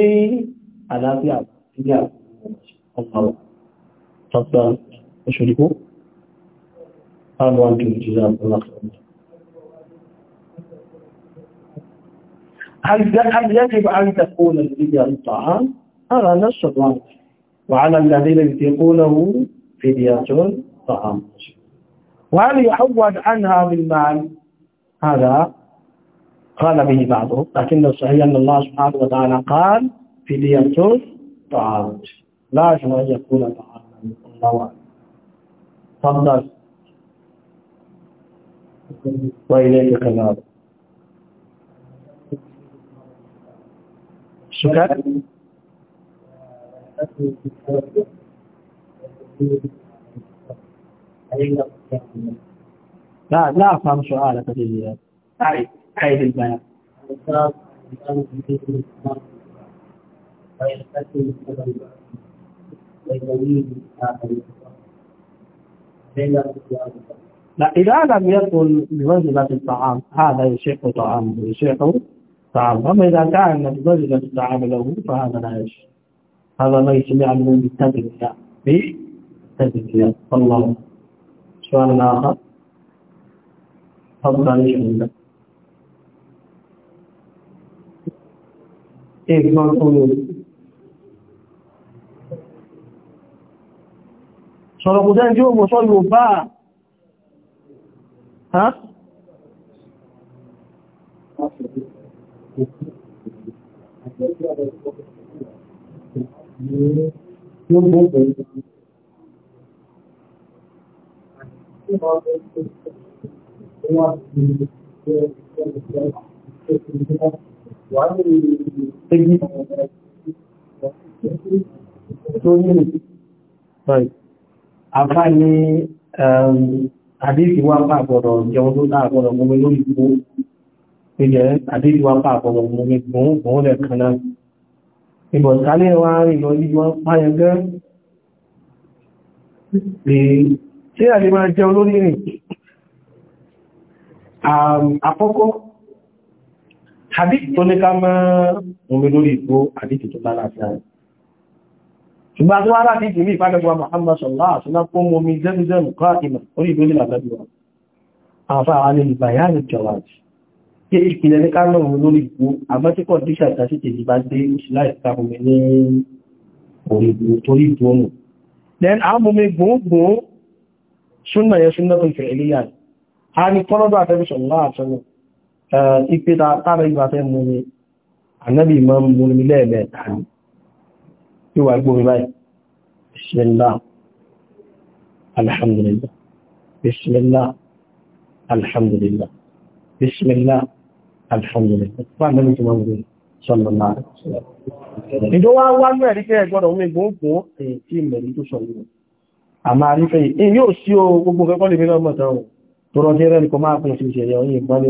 قال وانتم جزاكم هل هل يجب ان تكون الفديه للطعام؟ هذا نص الرد وعلى الذين يطيقونه فدية طعام وهل يعوض عنها بالمال؟ هذا قال به بعضهم لكن الصحيح ان الله سبحانه وتعالى قال فدية طعام لا يجب ان يكون طعاما الله اعلم تفضل وإليك النار شكرا لا لا أفهم سؤالك في أعيد أعيد البيان بين لا إذا لم يكن بمنزلة الطعام هذا يشيح طعامه يشيح طعامه أما إذا كان بمنزلة الطعام له فهذا لا يشيح هذا ما يسمى من بالتدرية بالتدرية الله سؤال آخر تفضل عليك عندك كيف إيه، ما تقولون صلى الله عليه وسلم ó ها طيب عفاني àdéhìí wá pà àbọ̀rọ̀ jẹun tó dáa àbọ̀rọ̀ mọ́mí lórí ìgbó ìjẹ́ àdéhìí wá pà àbọ̀rọ̀ mọ́mí gbòhún gbòhún rẹ̀ kan náà ìbọ̀ sálẹ̀ wá rìn lọ yí wọ́n páyẹn gẹ́ ṣé àlè máa jẹun lórí rìn àkọ́kọ́ àdéhìí tó ní ká máa mọ́mí lórí ìgbó àdéhìí tó bá ṣùgbọ́n tó wá láti ìjìnlẹ̀ ìfàgbẹ́gbà Muhammad sallallahu alaihi wasallam fún omi zẹ́mzẹ́m kọ́ ìmọ̀ orí ìdólé àtàbíwá àfáà ní ìbàyàn ìjọwàjì tí ìpìlẹ̀ ní ká náà lórí ìgbó àmọ́tíkọ̀ díṣà ìtàṣí tèjì bá dé ìṣìlá ìtàkùnmí ní orí ìgbó torí ìgbó nù then a mú mi gbogbo súnà yẹn súnà tó ìfẹ̀ ilé yàrá a ní kọ́lọ́dọ̀ àtẹ́bíṣọ̀n láàtọ́nà yóò wà gbómi báyìí bismillah alhamdulillah bismillah alhamdulillah bismillah alhamdulillah fún àmì tí wọ́n gbé sọ́lọ́lá rẹ̀ ìjọ wá wá ní ẹ̀rí pé ẹgbọ́dọ̀ omi gbóògbó èyí tí mẹ̀rí tó sọ̀rọ̀ àmà àrífẹ́ yìí yóò sí o gbogbo kẹ́kọ́ lè mẹ́rin ọmọ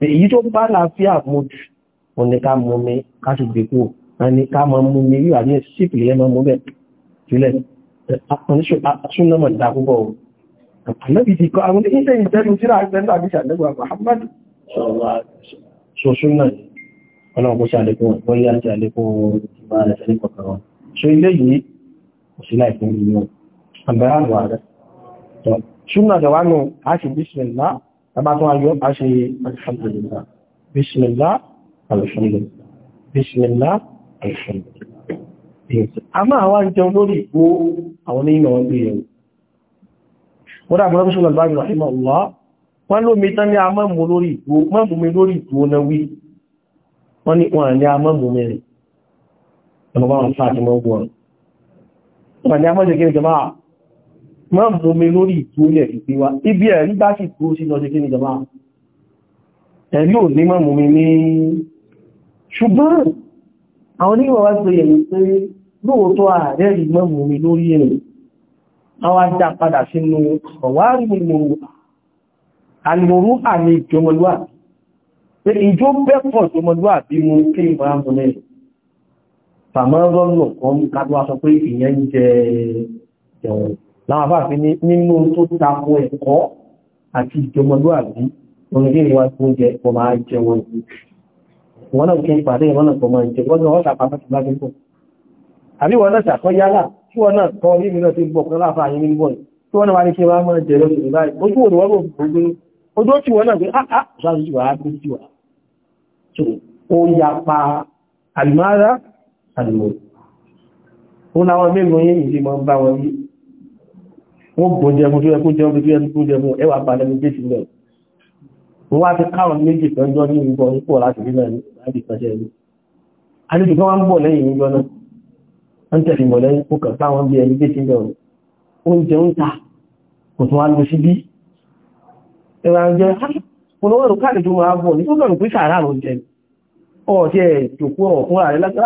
èyí tó bá láàáfíà mojú òní ká mú mi ká sì gbé kú àní ká mọ mú mi yíwà ní sípìlì ẹ máa mú bẹ jùlẹ súnmọ́ ìdá púpọ̀ o àlẹ́bí ti kọ́ àwọn ilé ìtẹ́lú tí ra ẹgbẹ́ náà bíṣà lẹ́gbà Muhammad sọ súnmọ́ ọlọ́run kó sí àlékún ìgbóyá àti àlékún ìgbà ẹ̀sẹ̀ ní kọ̀ọ̀kan wọn so ilé yìí kò sí láìpín ìlú àbẹ̀rẹ̀ àwọn ààrẹ súnmọ́ àjọwánú àti bísmìlá ẹbá tó ayọ́ bá ṣe alhamdulillah bismillah alhamdulillah bismillah alhamdulillah a máa wá jẹun lórí ìgbó àwọn onímọ̀ wọn bí ẹ̀wọ̀ wọ́n dàbí rọ́bí ṣọlọ̀ báyìí rahimah allah wọ́n lómi tán ní amọ́mù lórí ìgbó mọ́mùmí lórí ìgbó na wí wọ́n ní wọ́n ní amọ́mù mẹ́rin ọmọ bá wọn fà má mú mi lórí ìtúlẹ̀ ìpé wa ibi ẹ̀rí bá sì kúrò sí lọ sí kí ní jọba ẹ̀rí ò ní má mú mi ní ṣùgbọ́n àwọn oníwọ̀ wá pé ẹ̀yìn pé lóòótọ́ ààrẹ rí má mú mi lórí ẹ̀rẹ̀ àwọn ajá padà sínú ọ̀wárí alìmọ̀rú àmì ìjọmọlúwà pé ìjọ bẹ́pọ̀ ìjọmọlúwà bí mú kí láwọn afáàfi nínú tó tako ẹ̀kọ́ àti ìjọmọlúwàbí onílé ìwà tó jẹ kọ máa jẹ wọn wọn náà kí n pàdé ìwọ́n náà kọ máa jẹ wọ́n náà sàpá láti bá gbogbo àbí wọn náà sàkọ́ yálà tí wọn náà kọ́ ní ìrìnà tí ń bọ̀ pẹ̀lú àfáà yìí nígbọ̀n tí wọ́n náà wá ní kí wọ́n máa jẹ lọ́sùn báyìí ojú òdò wọ́n gbogbo ojú ó ti wọ́n náà pé áá ṣáàjú ti wà á bí sí wà tó ó ya pa àlùmára àlùmọ̀ ó láwọn mélòó yẹn ìdí mọ́ bá wọn yìí wọ́n gbọ́ jẹun tó yẹ kó jẹun tó yẹ kó jẹun ẹwà balẹ̀ ní jésù wọ́n wá ti káwọn méjì kan ní ìgbọ́ ń pọ̀ láti rí náà láti kọjá ẹni àlejò kan wọ́n ń bọ̀ lẹ́yìn ìgbọ́ náà wọ́n tẹ̀lé mọ̀ lẹ́yìn kó kàn káwọn bí ẹni jésù lẹ̀ oúnjẹ ń ta kò tún wá lọ sí bí ẹwà ń jẹ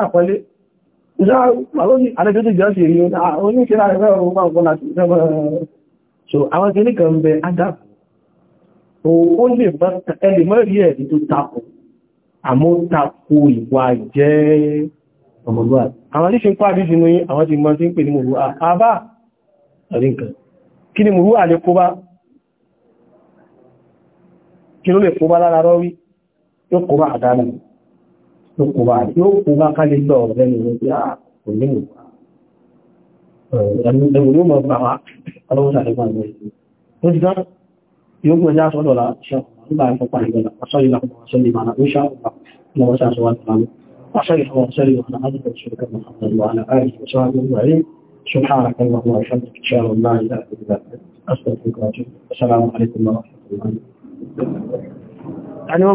ah, Ah, àwọn kìí kan bẹ adáp ó lè ẹlì mọ́rí ẹ̀rí tó tapò àmọ́ tapò ìwà jẹ́ ọmọlúwà àwọn tí ṣe ń pàdé sínú yí àwọn tí mọ́ sí ń pè ní mòrúwà àbá ọ̀rí nǹkan kí ni mòrúwà lè kó bá kí ló lè kó bá lára rọ́rí yóò kó bá àdánà tó kò bá tí ó kò bá ká lè gbọ́ ọ̀rẹ́ ni wọ́n bí a kò ní ìwà ẹ̀wọ̀n yóò mọ̀ bá wa ọlọ́wọ́ sàrẹ́gbà ìwọ̀n tó ti dá yóò gbọ́ já sọ́dọ̀ la ṣe nígbà ìfọ̀pá ìgbẹ̀lá ọ̀sọ́ ìlà ọ̀sọ́ ìlà ọ̀sọ́ ìlà ọ̀sọ́ ìlà ọ̀sọ́ ìlà ọ̀sọ́ ìlà ọ̀sọ́ ìlà ọ̀sọ́ ìlà ọ̀sọ́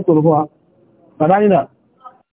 ìlà ọ̀sọ́ ìlà